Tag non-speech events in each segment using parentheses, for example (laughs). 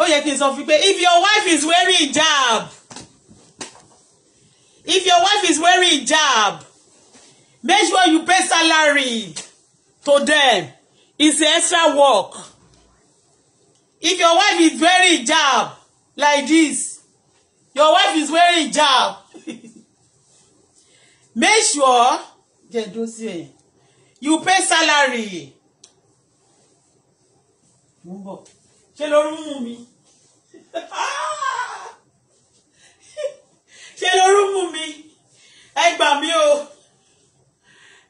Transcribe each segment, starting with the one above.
ó yẹ kí n sọ fún pé if your wife is wearing hijab if your wife is wearing hijab make sure you pay salary to them it's extra work if your wife is wearing hijab like this your wife is wearing hijab (laughs) make sure you pay salary ṣe ló ń mú mi ṣe ló ń mú mi ẹ gbà mí o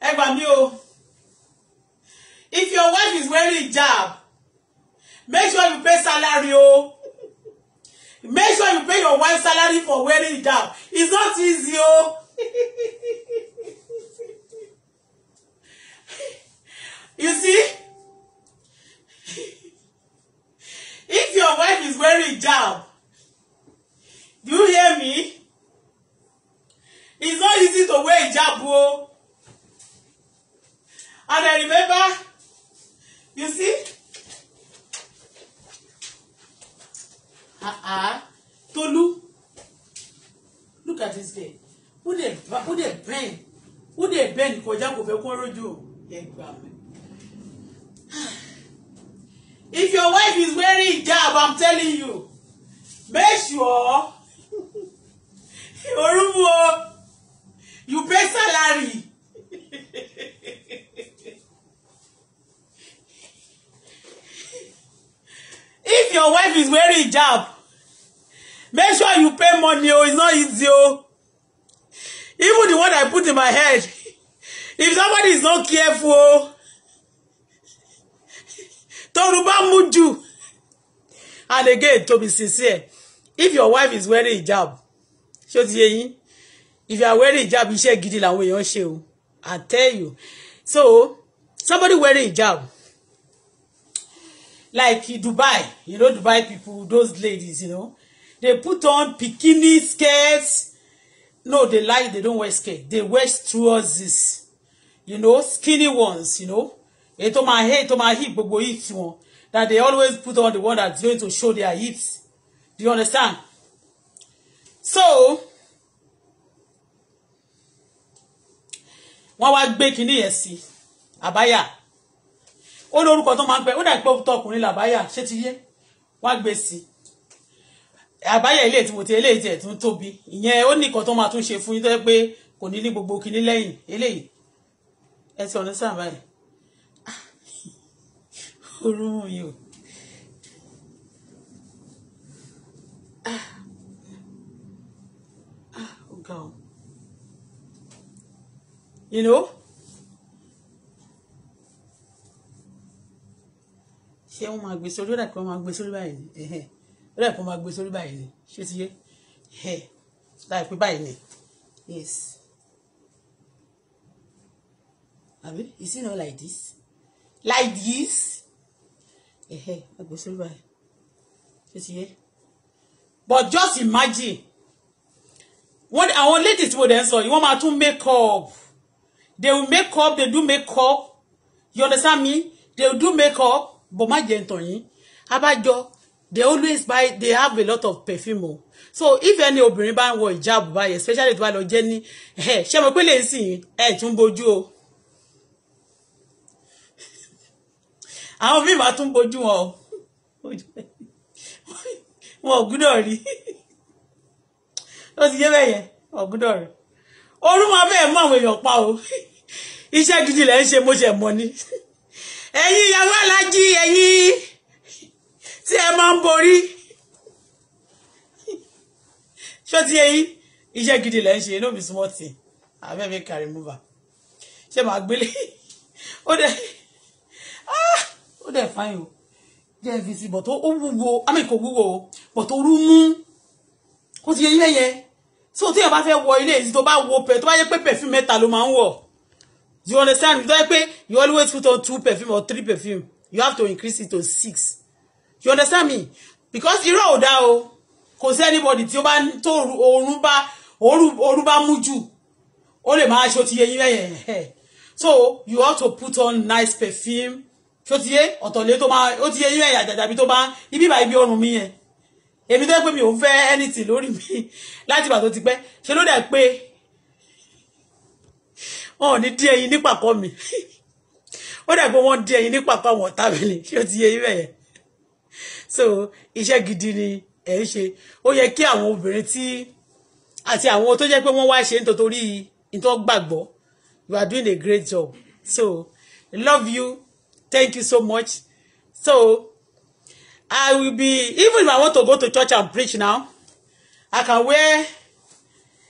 ẹ gbà mí o if your wife is wearing hijab make sure you pay salary o make sure you pay your wife salary for wearing hijab it's not easy o. you see If your wife is wearing hijab, do you hear me? It's not easy to wear hijab bro. And I remember, you see, uh-uh, Tolu, look at this girl. Who they? bend? Who they bend kọjá kò fẹ́ kó rójú o? Ẹ gbà if your wife is wearing hijab i'm telling you make sure orúkọ you pay salary if your wife is wearing hijab make sure you pay money Oh, it's not easy Oh, even the one i put in my head if somebody is not careful o. Oh, tóru bá mú and again to be sincere if your wife is wearing hijab ṣé o ti yé yín if you are wearing hijab iṣẹ́ gidi làwọn èèyàn ṣe o I tell you so somebody wearing hijab like Dubai you know Dubai people those ladies you know they put on bikini skirts no they lie they don't wear skirt they wear trousers you know skinny ones you know èyí tó máa hate tó my hip. gbogbo hit wọn that they always put on the one that's going to show their hips. do you understand so wọ́n wá gbé kinní yẹn sí àbáyà ó lórúkọ tó máa ń pẹ ó dà pé tọkùnrin làbáyà ṣé ti yé wọ́n á gbé sí i àbáyẹ ilé tí mo ti eléyìí tiẹ̀ tún tóbi ìyẹn ó ní nǹkan tó máa tún ṣe fún yín tó yẹ pé kò ní ní gbogbo kinní lẹ́yìn eléyìí ẹ ti ọ̀nà sáà báyìí orun mọ̀ yìí o. ó ga o. you know. ṣé wọ́n máa gbé sórí ó dà pé wọ́n máa gbé sórí báyìí ni ó dà pé wọ́n máa gbé sórí báyìí ni ṣé ti yé láìpẹ́ báyìí ni yes abi is it not like this like this ẹ̀hẹ́ agbésórí báyìí ṣe ti yé but just imagine wọ́n àwọn ladies tí mo dẹ̀ ń sọ yìí wọ́n máa tún make up they will make up they do make up you understand me they will do make up but má jẹ́ ntàn yín abájọ they always buy they have a lot of perfume o so if any obìnrin bá ń wọ ìjáàbù báyìí especially tó bá lọ jẹ́ ní ẹ̀ ṣé mo pé lè sìn ẹ̀ tún bójú o. àwọn míì máa tún bojú wọn o wọn ò gúdọ̀ rí ó ti yé bẹ́ẹ̀ yẹn ọ̀gúdọ̀ rí orú máa bẹ́ẹ̀ mú àwọn èèyàn pa o iṣẹ́ gidi lẹ́ ń ṣe mo ṣe mọ̀ ni ẹ̀yin ìyàwó alájí ẹ̀yin tí ẹ máa ń borí ṣó ti ẹ̀yin iṣẹ́ gidi lẹ́ ń ṣe inú mi súnmọ́ tì abẹ́ mi kàrí múvà ṣé màá gbélé ó dẹ̀ ah ó dẹ̀ fáyìn o jẹ́ fi sí bọ̀tọ̀ ó wúwo àmì kò wúwo bọ̀tọ̀ orú mú ó ti yẹ ilé yẹn so tí èèyàn bá fẹ́ wọ ilé èyí tó bá wo pẹ̀ tó bá yẹ pé pẹ̀fín mẹ́ta ló máa ń wọ̀ you understand tó yẹ pé you always put on two perfume or three perfume you have to increase it to six you understand me because irọ́ ò dá o kò sí anybody tí ó bá tó oorun bá oorun bá mú jù ó lè máa ṣe ó ti yẹ ilé yẹn so you have to put on nice perfume So ti yé ọ̀tọ̀lé tó máa ó ti yé yín ẹ̀yà jàjàbí tó máa ibi ìbà ibi ọrùn mi yẹn èmi tó pé mi ò ń fẹ́ anything lórí mi (laughs) láti ìgbà tó ti pẹ́ ṣe ló dẹ̀ pé wọn ò ní dí ẹyin ní pàkọ́ mi (laughs) ó dẹ̀ pé wọ́n dí ẹyin ní pàkọ́ àwọn ọ̀tá mi ni so ti yé yín ẹ̀yẹ so iṣẹ́ gidi ni ẹ̀ ń ṣe ó yẹ kí àwọn obìnrin tí àti àwọn tó jẹ́ pé wọ́n wá ṣe nítorí nítorí gbàgbọ́ you are doing a great job so love you Thank you so much. So I will be even if I want to go to church and preach now, I can wear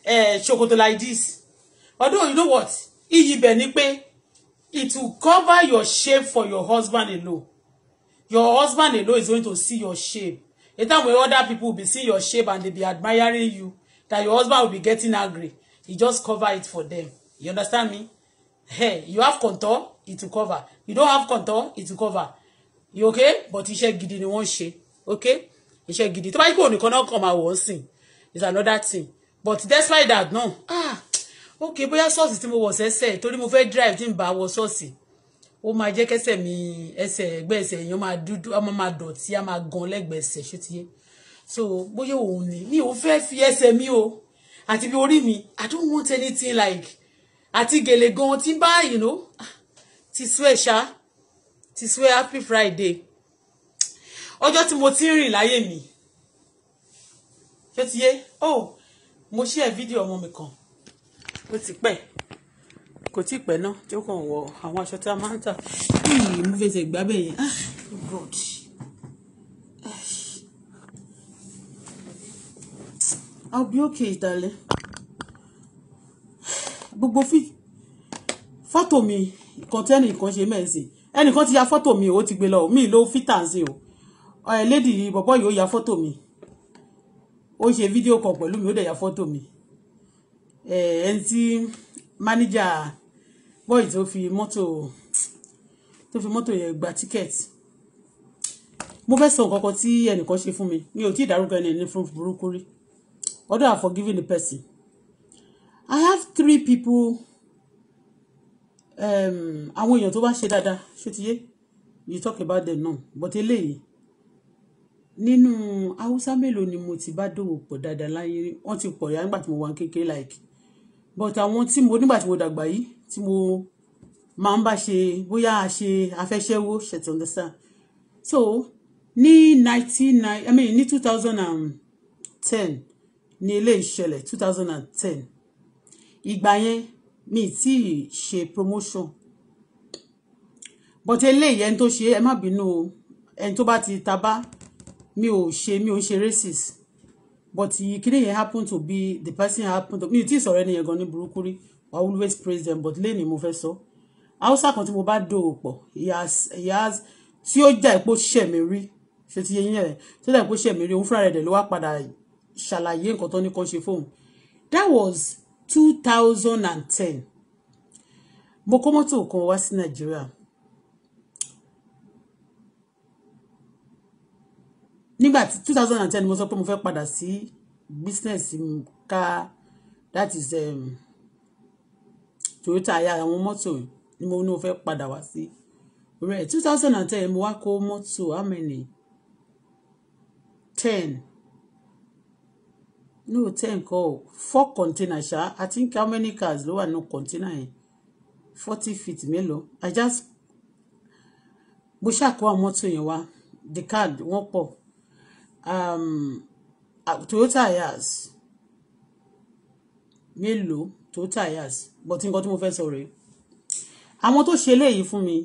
uh, ṣòkòtò like this. Although you know what, iyì bẹ̀ ni pé it will cover your shame for your husband alone. Your husband alone is going to see your shame. A time when other people will be seeing your shame and they be admiring you, that your husband will be getting angry. He just cover it for them. You understand me? Hey, you have control it will cover you don't have contour it will cover you okay but iṣẹ́ gidi ni wọ́n ṣe okay iṣẹ́ gidi tó bá yí kó nìkan náà kàn máa wọ̀ ọ́ sìn is another thing but despite that no. ah okay bóyá ṣọ́ọ̀ṣì tí mo wọ̀ sẹ́sẹ̀ torí mo fẹ́ drive tí n bá wọ ṣọ́ọ̀ṣì ó máa jẹ́ kẹ́sẹ̀ mi ẹsẹ̀ ẹgbẹ́ ẹsẹ̀ èèyàn máa dúdú á máa dọ̀tí á máa gan lẹ́gbẹ̀ẹ́ ẹsẹ̀ ṣé ti yé so bóyá òun ni mi ò fẹ́ fi ẹsẹ̀ mi o àti bí orí mi i don't want anything like àti gèlè gan tí n bá you know ah, ti sú ẹ ti sú ẹ happy friday ọjọ́ tí mo ti ń rìn láyé mi ṣé ti yé o oh, mo ṣe ẹ fídíò ọmọ mi kan ó ti pẹ́ kò tí pẹ́ náà tí ó kàn wọ àwọn aṣọ tí a máa ń tà yìí mo fẹsẹ̀ gbábẹ̀ yẹn ah, god i'll be okay ìdálẹ́ gbogbo fí fọ́tò mi nǹkan tí ẹnìkan ṣe mẹ́sìn ẹnìkan ti ya fọ́tò mi ò ti gbé lọ mi ló fítà ń sìn o ẹ lédi bọ̀bọ̀ yìí ó ya fọ́tò mi ó ṣe fídíò kan pẹ̀lú mi ó dẹ̀ ya fọ́tò mi ẹ ẹni tí mánéjà bọ́ọ̀ì tó fi mọ́tò tó fi mọ́tò yẹn gba tíkẹ́ẹ̀tì mo fẹ́ sọ nǹkan kan tí ẹnìkan ṣe fún mi mi ò tí ì dárúkọ ẹni ẹni fún burúkú rí ọdún àfọ̀giving person I have three people àwọn èèyàn tó bá ṣe dáadáa ṣó ti yé you talk about them now but eléyìí nínú haúsá mélòó ni mo ti bá dòwò pọ̀ dáadáa láyé wọ́n ti pọ̀ ya nígbà tí mo wà kékeré like but àwọn tí mo nígbà tí mo dàgbà yìí tí mo máa ń bá ṣe bóyá a ṣe afẹ́ṣẹ́wó ṣètò understand so ní nineteen nine i mean ní two thousand and ten ní ilé ìṣẹ̀lẹ̀ two thousand and ten ìgbà yẹn mi tí ì ṣe promotion but eléyìí ẹni tó ṣe ẹ má bínú o ẹni tó bá ti tabá mi ò ṣe mi ò ṣe racist but ìkíni yẹn happen to be the person happen to mi ò tí ì sọ̀rọ̀ ẹni yẹn gan ní burúkú rí I always praise them but lẹ́yìn mo fẹ́ sọ haúsá kan tí mo bá dòwò pọ̀ ìyá tí ó jà ìpò ṣẹ̀mí rí ṣe ti yẹn yẹn tí ó jà ìpò ṣẹ̀mí rí òun fúnra rẹ̀ dẹ̀ ló wá padà ṣàlàyé nǹkan tó ní kan ṣe fóun that was two thousand and ten mo kó mọ́tò kan wá sí nàìjíríà nígbà tí two thousand and ten mo sọ pé mo fẹ́ padà sí business ká that is um, toyota aya àwọn mọ́tò ni mo ní mo fẹ́ padà wá sí rẹ̀ two thousand and ten mo wá kó mọ́tò how many ten no ten kọ́ o four container ṣá i think how many cars ló wà nínú container yẹn forty feet mélòó i just mo ṣàkó àwọn mọ́tò yẹn wá the car wọ́n pọ̀ um, uh, toyota yas mélòó toyota yas but nǹkan tí mo fẹ́ sọ rèé àwọn tó ṣe léyìí fún mi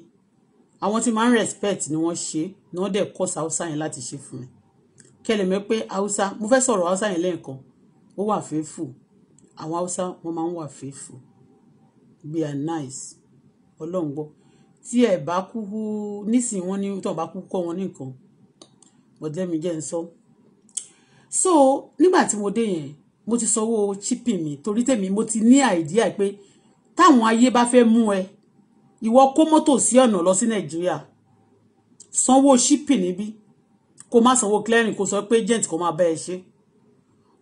àwọn tí máa ń respect ni wọ́n ṣe ni wọ́n dẹ̀ kọ́ sa hausa yẹn láti ṣe fún mi kẹlẹ̀ mẹ́ pé hausa mo fẹ́ sọ̀rọ̀ hausa yẹn lẹ́ẹ̀kan ó wà faithful àwọn haúsá wọ́n máa ń wà faithful we a nice ọlọ́run gbọ́ tí ẹ̀ bá kúkú nísìnyí wọ́n ní tó bá kúkú kọ́ wọn ní nǹkan but let me jẹ́ n sọ. so nígbà tí mo dé yẹn mo ti sanwó chipi mi torí tèmi mo ti ní àìdíà pé táwọn ayé bá fẹ́ mú ẹ ìwọ kó mọ́tò sí ọ̀nà lọ sí nàìjíríà sanwó shipping níbí kó má sanwó clearing kó sọ pé agent kó má bá ẹ ṣe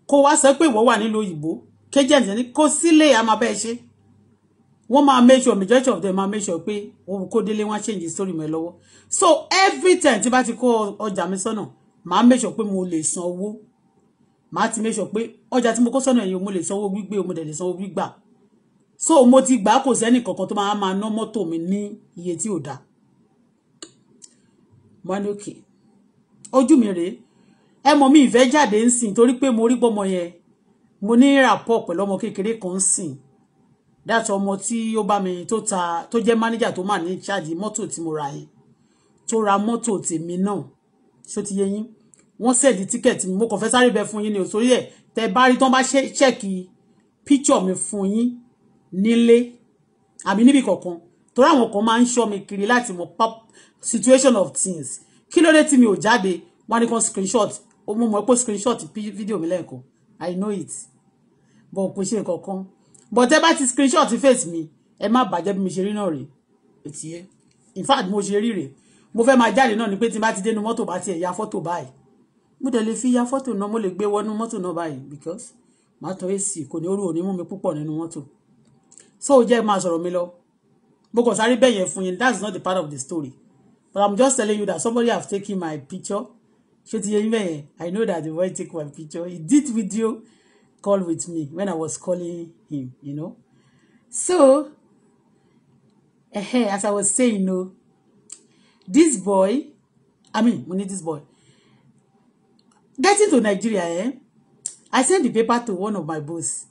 kó wá sọ pé ìwọ wà nílùú òyìnbó kéjẹǹtì ní kó sílé a máa bẹ́ẹ̀ ṣe wọ́n máa make sure majority of them máa make sure pé òun kó délé wọ́n change story mi lọ́wọ́ so every time tí bá ti kó ọjà mi sọ́nà màá make sure pé mo lè san owó màá ti make sure pé ọjà tí mo kó sọ́nà yìí mo lè san owó gbígbé mo dẹ̀ lè san owó gbígbà so mo ti gbà kò sẹ́nì kankan tó máa máa ná mọ́tò mi ní iye tí ò dáa. wọ́n ní mi rèé ẹ mọ̀ mi ìfẹ́ jáde ń sìn torí pé mo rí pọ́mọ yẹn mo ní rapport pẹ̀lú ọmọ kékeré kan ń sìn dáàtọ̀ ọmọ tí ó bá mi tó ta tó jẹ́ mánéjà tó mà ní ṣáàjì mọ́tò tí mo ra yẹn tó ra mọ́tò tèmi náà ṣó ti yẹ yín wọ́n sẹ̀dí tíkẹ̀tì mi mo kàn fẹ́ sáré bẹ fún yín ni ò sórí ẹ̀ tẹ bá rí tán bá ṣẹ́ẹ̀kì píchọ̀ mi fún yín nílé àbí níbi kọ̀ọ̀kan torí àwọn kan máa ń ṣọ́ mi kiri láti mọ situation of things kí ló dé tí mi ò jáde wọ́n ní kan screenshot ó mú mọ́ pé screenshot fídíò mi lẹ́ẹ̀kan i know it bọ̀ kò ṣe kankan bọ̀ tẹ́ bá ti screenshot face mi ẹ má bàjẹ́ bí mi ṣe rí náà rè é ti in fact mo ṣe rí rè mo fẹ́ máa jáde náà ni pé tí n bá ti dénú mọ́tò bá tiẹ̀ ya fọ́tò báyìí mo dẹ̀ lè fi ya fọ́tò náà mo lè gbé wọnú mọ́tò náà báyìí because màá tọ́ èsì kò ní orú òní mú mi púpọ̀ nínú mọ́tò so ó jẹ́ máa sọ̀rọ̀ mi lọ mo kàn sáré bẹ́yẹn fún yín that's not the part of the story but i'm just telling you that somebody have taken my picture ṣé ti yẹ yín bẹ́ẹ̀ i know that the boy take my picture he did video call with me when i was calling him you know so eh, as i was saying no this boy i mean we need this boy getting to nigeria eh, i sent the paper to one of my boss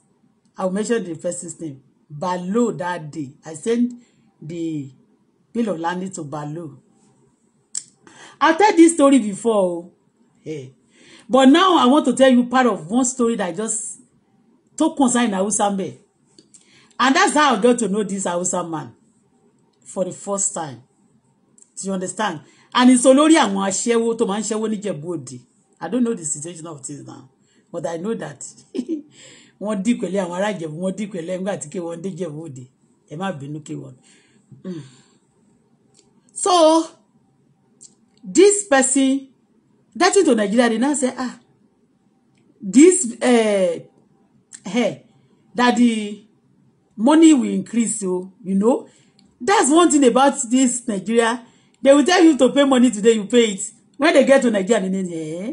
i will mention the person's name Balo that day i sent the bill of landing to Balo i tell this story before o oh. Eh. But now I want to tell you part of one story that I just took concern Hausa man. And that's how I got to know this Hausa man for the first time. Do you understand? And it's olórí àwọn aṣẹ́wó tó máa ń ṣẹ́wó níjẹ̀bú òde. I don't know the situation of things now, but I know that (laughs) wọ́n dì pẹ̀lẹ́ àwọn ará ìjẹ̀bú wọ́n dì pẹ̀lẹ́ nígbà tí kéwọ́n dé jẹ̀bú òde. Ẹ má bínú kéwọ́n. Mm. So this person getting to Nigeria, they now say, ah, this uh, eh, hair eh, that the money will increase, so oh, you know. That's one thing about this Nigeria. They will tell you to pay money today, you pay it. When they get to Nigeria, they say, eh.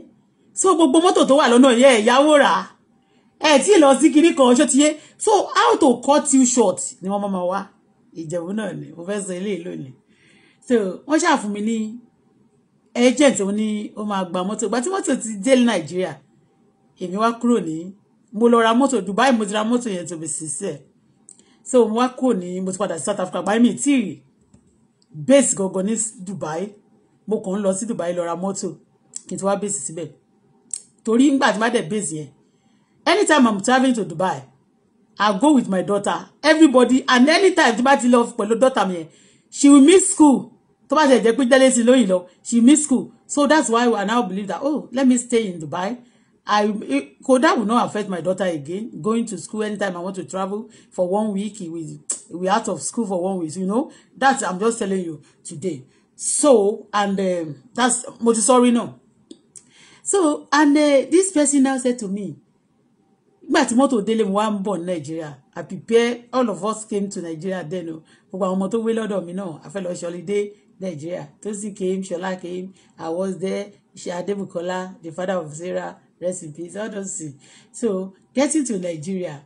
So gbogbo mọ́tò tó wà lọ́nà yẹ ìyàwó rà ẹ tí lọ sí kinní kan ṣó ti yé so how to cut you short ni wọ́n máa wá ìjẹ̀bú náà ni mo fẹ́ sọ eléyìí lónìí so wọ́n ṣàfùnmi ní agent òun ni ó máa gba mọ́tò ìgbà tí mọ́tò ti dé nàìjíríà èmi wá kúrò ní mo lọ ra mọ́tò Dubai mo ti ra mọ́tò yẹn tó fi ṣiṣẹ́ so mo wá kúrò ní mo ti padà sí South Africa báyìí mi tí ì base gangan ní Dubai mo kàn ń lọ sí Dubai lọ ra mọ́tò kí n ti wá base síbẹ̀ torí ngbà tí má dẹ̀ base yẹn anytime I'm traveling to Dubai I go with my daughter everybody and anytime tí bá ti lọ pẹ̀lú daughter mi yẹn she will miss school tó bá ṣe jẹ́ pé jealousy lóyìn lọ she miss school so that's why I now believe that oh let me stay in Dubai I it, that will not affect my daughter again going to school anytime I want to travel for one week we we out of school for one week you know that's I'm just telling you today so and um, that's mo ti sorry now so and uh, this person now said to me nígbà tí mọ́tò délé mo wá ń bọ̀ ní I prepare all of us came to Nigeria then o oh. gbogbo àwọn ọmọ tó wé lọ́dọ̀ mi náà a fẹ́ lọ ṣọlidé Nigeria. Tosi came, Shola came. I was there. Adebukola, the father of Sarah, rest in peace. All those things. So getting to Nigeria,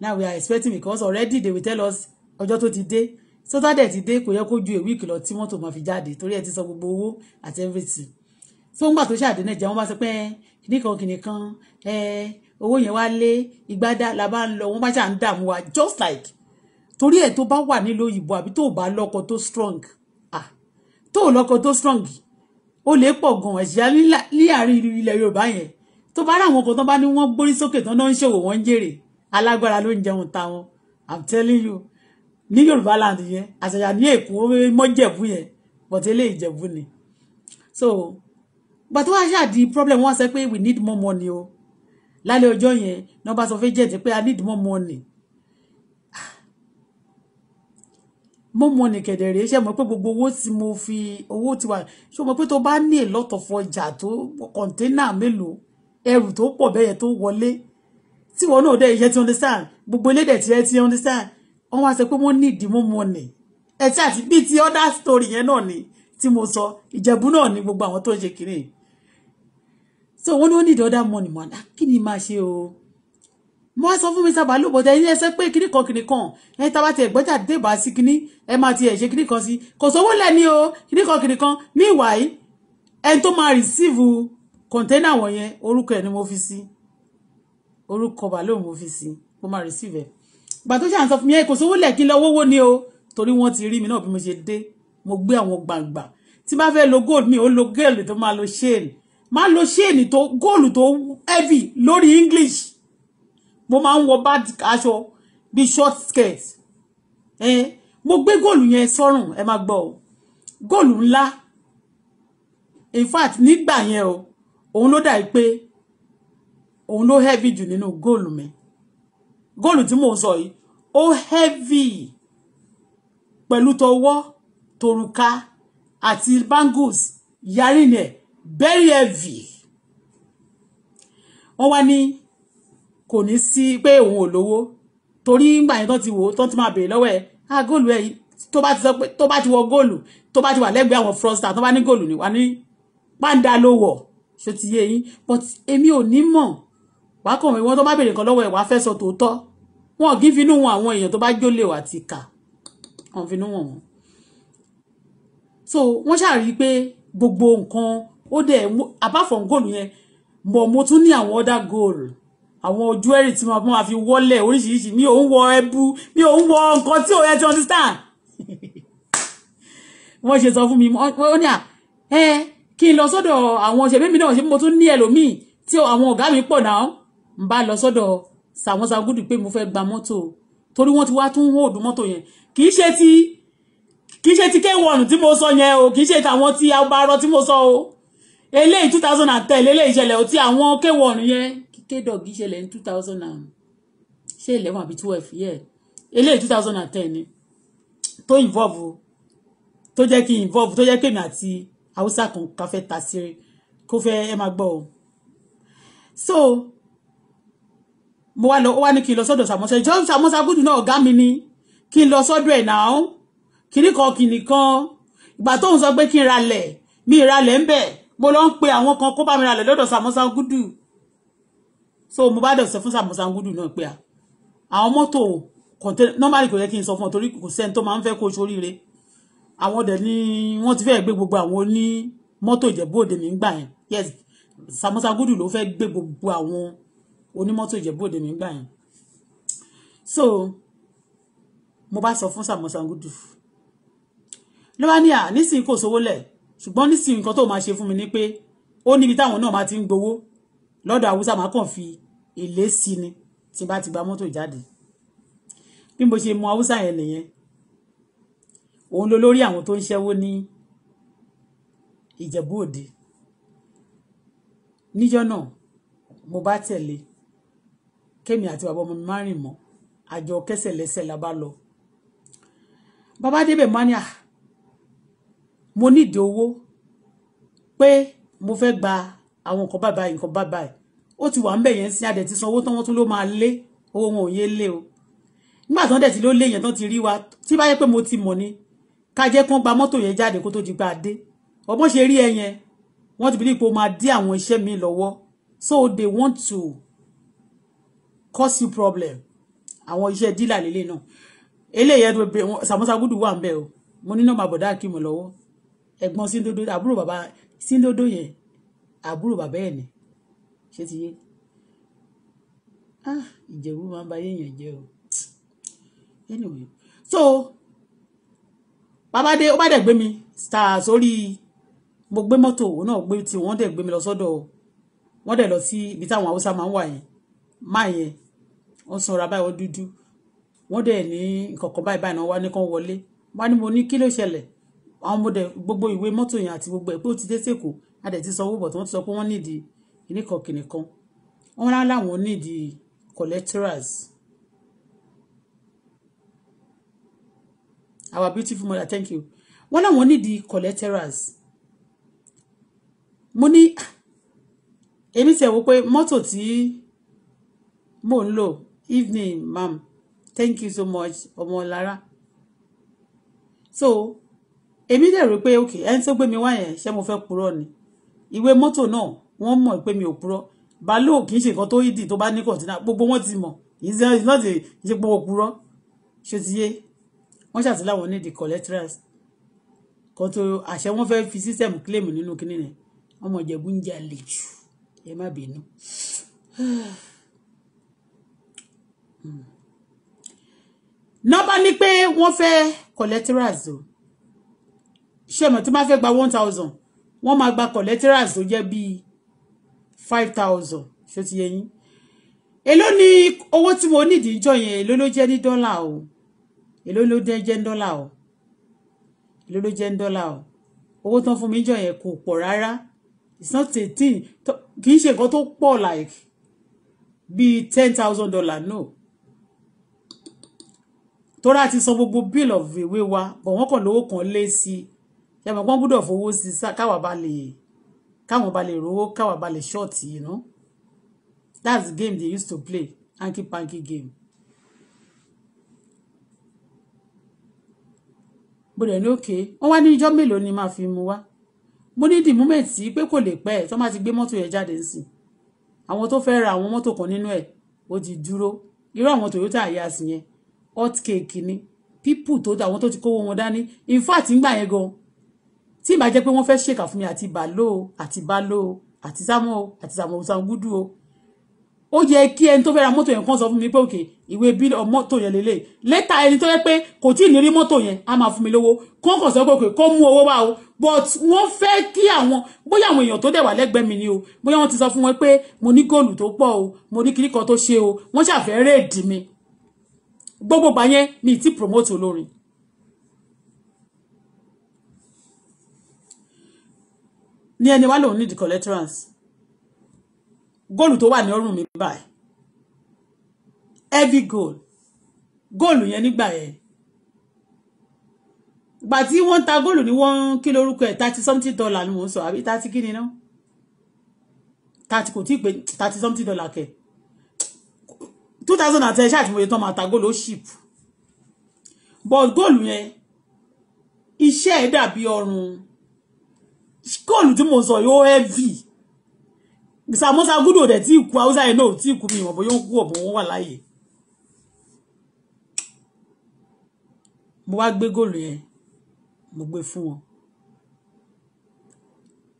now we are expecting because already they will tell us ọjọ́ tó ti dé Saturday ti dé kò yẹ kó ju a week lọ tí mọ́tò máa fi jáde torí ẹ ti sọ gbogbo owó àti everything. So ńgbà tó ṣàdé Nàìjíríà wọ́n bá sọ pé kìnìkan kìnìkan owó yẹn wá lé ìgbádá la bá ń lọ wọ́n bá ṣà ń dààmú wa just like torí ẹ̀ tó bá wà nílò òyìnbó àbí tó bá lọ́kọ tó strong tó lọ́kọ tó strong ó lè pọ̀ gan ẹ̀ṣẹ̀ ní àárín ilẹ̀ Yorùbá yẹn tó bá ráwọn kan tó bá ní wọ́n gbórí sókè tán náà ń ṣòwò wọ́n ń jèrè alágbára ló ń jẹun ta wọn i'm telling you ní Yorùbá land yẹn àṣàyà ní Èkó mọ́jẹ̀bú but bọ̀tẹ́lẹ̀ Ìjẹ̀bú ni so but tó wá di problem wọn sọ pé we need more money o lálẹ́ ọjọ́ yẹn ní wọ́n bá sọ fẹ́ ti pé i need more money more money kẹ̀dẹ̀rẹ̀ ṣe mọ̀ pé gbogbo owó tí mo fi owó ti wà ṣe mọ̀ pé tó bá ní èlọ́tọ̀fọ ọjà tó kọ̀ńténà mélòó ẹrù tó pọ̀ bẹ́yẹ tó wọlé tí wọn náà dẹ́ iṣẹ́ ti understand gbogbo ilé dẹ̀ ti ẹ ti understand wọ́n wá sọ pé wọ́n ní ìdí more money ẹ̀tí àti bíi ti other story yẹn náà ni tí mo sọ ìjẹ̀bú náà ni gbogbo àwọn tó ń ṣe kiri so wọ́n ní wọ́n ní ìdí other money mọ́ ah, kí ni máa ṣe o mo wá sọ fún Mr. Balu bọ̀dẹ̀ yín ẹsẹ̀ pé kíní kan kíní kan ẹ̀yin tá a bá tiẹ̀ gbọ́jà débà sí kíní ẹ máa tiẹ̀ ṣe kíní kan sí kò sówó lẹ́ni o kíní kan kíní kan ní ìwà yìí ẹni tó máa rìsíìvù kọ̀ńténà wọ̀nyẹn orúkọ ẹ̀ ni mo fi sí orúkọ Balu mo fi sí mo máa rìsíìvù ẹ̀ gbà tó ṣàn sọ fún mi ẹ kò sówó lẹ̀ kí lọ wówó ni o torí wọ́n ti rí mi náà bí mo ṣe dé mo gbé àwọn gbàǹgbà tí bá fẹ́ lo gold mi ò lo gẹ́ẹ̀lì tó máa lo ṣéènì máa lo ṣéènì tó góòlù tó heavy lórí English mo máa ń wọ bad aṣọ bí short skirt eh? mo gbé góòlù yẹn sọ́rùn ẹ máa gbọ́ ọ góòlù ńlá in fact nígbà yẹn o òun ló dàbí pé òun ló heavy jù nínú góòlù mi góòlù tí mò sọ yìí ó heavy pẹ̀lú tọwọ́ toruka àti bangles yarí nẹ̀ very heavy wọ́n wá ní kò ní sí pé òun ò lówó torí ńgbà yẹn tán ti wò ó tán ti máa bèèrè lọ́wọ́ ẹ̀ á góòlù ẹ̀ tó bá ti sọ pé tó bá ti wọ góòlù tó bá ti wà lẹ́gbẹ̀ẹ́ àwọn frosta tó bá ní góòlù níwá ní pàǹdà ló wọ̀ ṣó ti yé yín but èmi ò ní mọ̀ wá kàn wọ́n tó bá bèèrè kan lọ́wọ́ ẹ̀ wá fẹ́ sọ tòótọ́ wọn kì í finú wọn àwọn èèyàn tó bá jólè wà ti kà wọn finú wọn wọn. so wọ́n ṣàrí pé gbogbo nǹkan ó dẹ̀ apart from góòlù yẹn bọ̀ mo tún ní àwọn other goal àwọn ojú ẹ̀rì tí wọ́n máa fi wọ́lẹ̀ oríṣiríṣi mi ò ń wọ ẹbu mi ò ń wọ nǹkan tí ò yẹ ti understand (laughs) wọ́n ṣe sọ fún mi ó ní à ẹ kí n lọ sọ́dọ̀ àwọn ṣe mímí náà ṣe mo tún ní ẹlòmíì tí àwọn ọ̀gá mi pọ̀ náà ń bá lọ sọ́dọ̀ sàwọn sagúdù pé mo fẹ́ gba mọ́tò torí wọ́n ti wá tún hóòdù mọ́tò yẹn kì í ṣe ti kì í ṣe ti k1 tí mo sọ yẹn o kì í ṣe tàwọn ti abarọ tí mo sọ o eléyìí 2010 eléyìí ìṣẹ̀lẹ̀ ò ti àwọn k1 yẹn kdog ṣẹlẹ̀ ní two thousand and ṣé eleven àbí twelve yẹ eléyìí two thousand and ten ni tó involve tó jẹ́ kí involve tó jẹ́ pèmí àti haúsá kan ká fẹ́ ta sírí kó fẹ́ ẹ máa gbọ́ o so mo wá lọ ó wá ní kí n lọ sọ́dọ̀ sàmọ́sá ìjọ sàmọ́sá gúdù náà ọ̀gá mi ni kí n lọ sọ́dọ̀ ẹ̀ náà kìnnì kan kìnnì kan ìgbà tó ń sọ pé kí n ralẹ̀ mi ìralẹ̀ ń bẹ̀ mo lọ ń pe àwọn kan kó bá mi ralẹ̀ lọ́dọ̀ sàmọ́sá gúdù so mo bá dẹ̀ sọ fún Sàámú Sango-Dù náà pé àwọn mọ́tò kọ̀ǹtẹ́nà normally kò yẹ kí n sọ fún ọ torí kò sẹ́ni tó máa ń fẹ́ kó ṣoríire àwọn ni wọ́n ti fẹ́ẹ́ gbé gbogbo àwọn oní mọ́tò Ìjẹ̀bú Òde nígbà yẹn yes Sàámú Sango-Dù ló fẹ́ gbé gbogbo àwọn onímọ́tò Ìjẹ̀bú Òde nígbà yẹn so mo bá sọ fún Sàámú Sango-Dù ló bá ní à nísìnyí kò sówó lẹ̀ ṣùgbọ́n nísìnyí nǹkan tó máa ṣe fún mi ni pé ó níbi táwọn náà máa ti ń gbowó lọ́dọ̀ haúsá máa kàn fi èlé sí ni tí bá ti gba mọ́tò jáde bí mo ṣe mọ haúsá yẹn nìyẹn òun ló lórí àwọn tó ń ṣẹ́wó ní ìjẹ̀bú òde níjọ́ náà mo bá tẹ̀lé kémi àti bàbá ọmọ mi má rìn mọ́ àjọ kẹsẹ̀ lẹ́sẹ̀ la bá lọ bàbá débẹ̀ má mo nídìí owó pé mo fẹ́ gba àwọn nǹkan báyìí nǹkan báyìí ó ti wà ń bẹ̀ yẹn sí adẹ̀ ti sanwó tán wọ́n tún ló máa lé owó wọn ò yé lé o nígbà tán dẹ̀ tí ló lé yẹn tán ti rí wa tí bá yẹ pé mo ti mọ̀ ni ká jẹ́ kán gba mọ́tò yẹn jáde kó tó di gba dé ọgbọ́n ṣe rí ẹ wọ́n ti bí nípo máa dí àwọn iṣẹ́ mi lọ́wọ́ so they want to cause you problem àwọn iṣẹ́ dílà lélẹ̀ náà eléyẹ tó bẹ samosa gudu wà ń bẹ o mo ní nọ́mbà bọ̀dá kí mo lọ́wọ́ ẹ̀gbọ́n síndodo àbúrò bàbá síndodo yẹn àbúrò bàbá ẹ̀ ni ṣé ti yé ah ìjẹ̀bú máa ń ba yéèyàn jẹ́ o anyway so babade ó bá dẹ̀ gbé mi star sórí mo gbé mọ́tò òun náà gbé tí wọ́n dẹ̀ gbé mi lọ sọ́dọ̀ wọ́n dẹ̀ lọ sí ibi táwọn haúsá máa ń wà yẹn máa yẹn wọ́n sanra báyìí wọ́n dúdú wọ́n dẹ̀ ní nǹkankan báyìí báyìí náà wá ní kán wọlé wá ní mo ní kí ló ṣẹlẹ̀ àwọn ọmọdé gbogbo ìwé mọ́tò yẹn àti gbogbo ẹ̀ pé ó ti dé sèkó a ti sanwó bọ̀ wọ́n ti sọ pé wọ́n nídìí ìníkan kìnìkan wọn rán láwọn nídìí collectors our beautiful mother thank you wọn láwọn nídìí collectors mo ní èmi tẹ̀ wò pé mọ́tò tí mò ń lò evening ma'am thank you so much ọmọlára so èmi dẹ̀ rò pé ok ẹni tó gbé mi wá yẹn ṣé mo fẹ́ purọ́ ni ìwé mọ́tò náà wọ́n mọ̀ pé mi ò purọ́ balo kì í ṣe nǹkan tó yídì tó bá ní kọ̀tínà gbogbo wọn ti mọ̀ ìṣe láti ṣe pé o purọ́ ṣe ti yé wọ́n ṣàtìláwọn ní the collectors kan tó àṣẹ wọn fẹ́ẹ́ fi system claim nínú kinní ni ọmọ ìjẹ̀bú ń jalè jù ẹ má bínú. Hmm. nọ́bà ní pé wọ́n fẹ́ collectors o ṣé ọmọ tí wọ́n bá fẹ́ gba one thousand wọ́n máa gba collectors tó jẹ́ bíi five thousand ṣó ti yẹ yín èló ni owó tí mo nídìí jọ yẹn èló ló jẹ́ ní dọ́là o èló ló jẹ́ ní dọ́là o èló ló jẹ́ ní dọ́là o owó tán fún mi jọ yẹn kò pọ̀ rárá it's not eighteen kì í ṣe nǹkan tó pọ̀ like bíi ten thousand dollar no tóra ti san gbogbo bill of ìwé wa bọ̀ wọ́n kàn lówó kan lé sí i ṣàmùgbọ́n gbọ́dọ̀ fowó sí i káwa bá lè káwọn ba lè rówó káwa ba lè ṣọ́ọ̀tì you know that's the game they used to play hanky panky game. bọ̀dẹ̀ ní òkè wọ́n wá ní ijọ́ mélòó ni máa fi mu wá mo ní di múmẹ̀tì pé kò lè pẹ́ ẹ̀ tó máa ti gbé mọ́tò yẹn jáde sí àwọn tó fẹ́ ra àwọn mọ́tò kan nínú ẹ̀ ó ti dúró irú àwọn Toyota Yaris yẹn hot cake ni pípù tó àwọn tó ti kówó wọn dání in fact ńgbà yẹn gan-an tí ìbá jẹ́ pé wọ́n fẹ́ ṣèkà fún mi àti bàló àti bàló àti sámọ́ àti sàmọ́ sàngúdù o ó yẹ kí ẹni tó fẹ́ ra mọ́tò yẹn kan sọ fún mi pé òkè ìwé bílọ̀ mọ́tò yẹn lélẹ̀ lẹ́tà ẹni tó yẹ pé kò tí ì ní rí mọ́tò yẹn á máa fún mi lówó kó kàn sọ pé òkè kó mú owó wá o but wọ́n fẹ́ kí àwọn bóyá àwọn èèyàn tó dẹ̀ wà lẹ́gbẹ̀ẹ́ mi ni o bóyá wọ́n ti sọ fún wọn pé mo ní góòlù tó pọ̀ o mo ní kíríkan tó ṣe o wọ́n ṣàfẹ́ réèdì mi gbogbo gbà yẹn mi ti promote olórin Ni ẹni wá lòun ní the collaterals góòlù tó wà ní ọrùn mi báyìí heavy goal góòlù yẹn nígbà yẹn gbà tí wọ́n ta góòlù ní wọ́n kí lórúkọ ẹ̀ thirty something dollar ni mò ń sọ àbí thirty kí ni ná thirty kò tí ì pé thirty something dollar kẹ̀ two thousand and ten ṣáà tí mo yẹ tán máa ta góòlù ó ṣìp but góòlù yẹn iṣẹ́ ẹ̀ dàbí ọrùn school tí mo sọ yóò heavy Samusa Gudo dẹ̀ tí ikú Hausa yẹn náà tí ikú mi ìwọ̀n bóyá ó kú ọ̀bọ̀ wọn wà láàyè. mo wá gbé góòlù yẹn mo gbé fún wọn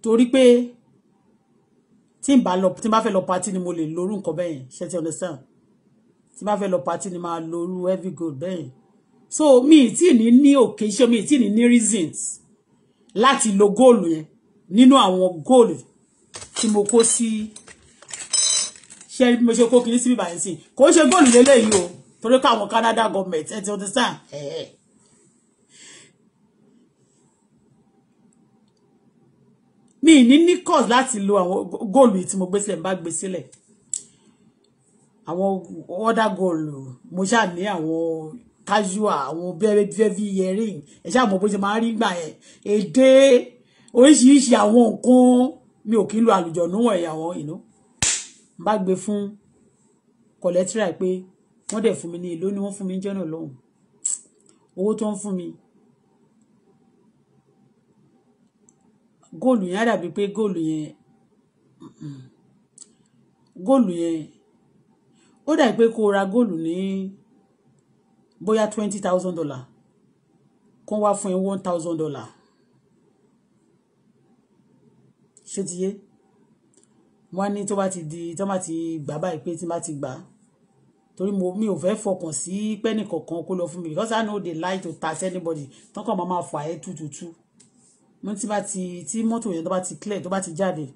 torí pé tí n bá lọ tí n bá fẹ́ lọ pati ni mo lè lóru nǹkan bẹ́ẹ̀ yẹn ṣe ti understand tí n bá fẹ́ lọ pati ni máa lóru heavy gold bẹ́ẹ̀ yẹn so mi ì tí ní ní occasion mi ì tí ní ní reasons láti lo góòlù yẹn nínú àwọn góòlù tí mo kó sí ṣe bí mo ṣe kó kiri síbi báyìí sí kò ṣe góòlù lélẹ́yìí o torí káwọn Canada government ẹ ti understand mi ní ní cause láti lo àwọn góòlù tí mo gbé sílẹ̀ bá gbé sílẹ̀ àwọn other góòlù mo ṣáà ní àwọn casual àwọn bẹ́ẹ̀ bẹ́ẹ̀ fi yẹrí ẹ̀ ṣáà mo bó ṣe máa rí gbà yẹn èdè oríṣiríṣi àwọn nǹkan mi ò kí ń lo àlùjọ̀nú wọ̀nyí àwọn ìnú n bá gbé fún kọ̀lẹ́tírà pé wọ́n dẹ̀ fún mi ní èlò ni wọ́n fún mi jọ́nà lọ́hùn owó tó ń fún mi góòlù yẹn á dàbí pé góòlù yẹn góòlù yẹn ó dàbí pé kó ra góòlù ní bóyá twenty thousand dollar kó wá fún ẹ one thousand dollar ṣó ti yé wọ́n ní tó bá ti di tó bá ti gbà báyìí pé tí bá ti gbà torí mi ò fẹ́ fọkàn sí pẹ́ẹ́nì kankan kó lọ fún mi because I know they like to touch anybody tán kàn máa fà ẹ́ tútùtù mo ti bá ti tí mọ́tò yẹn tó bá ti clear tó bá ti jáde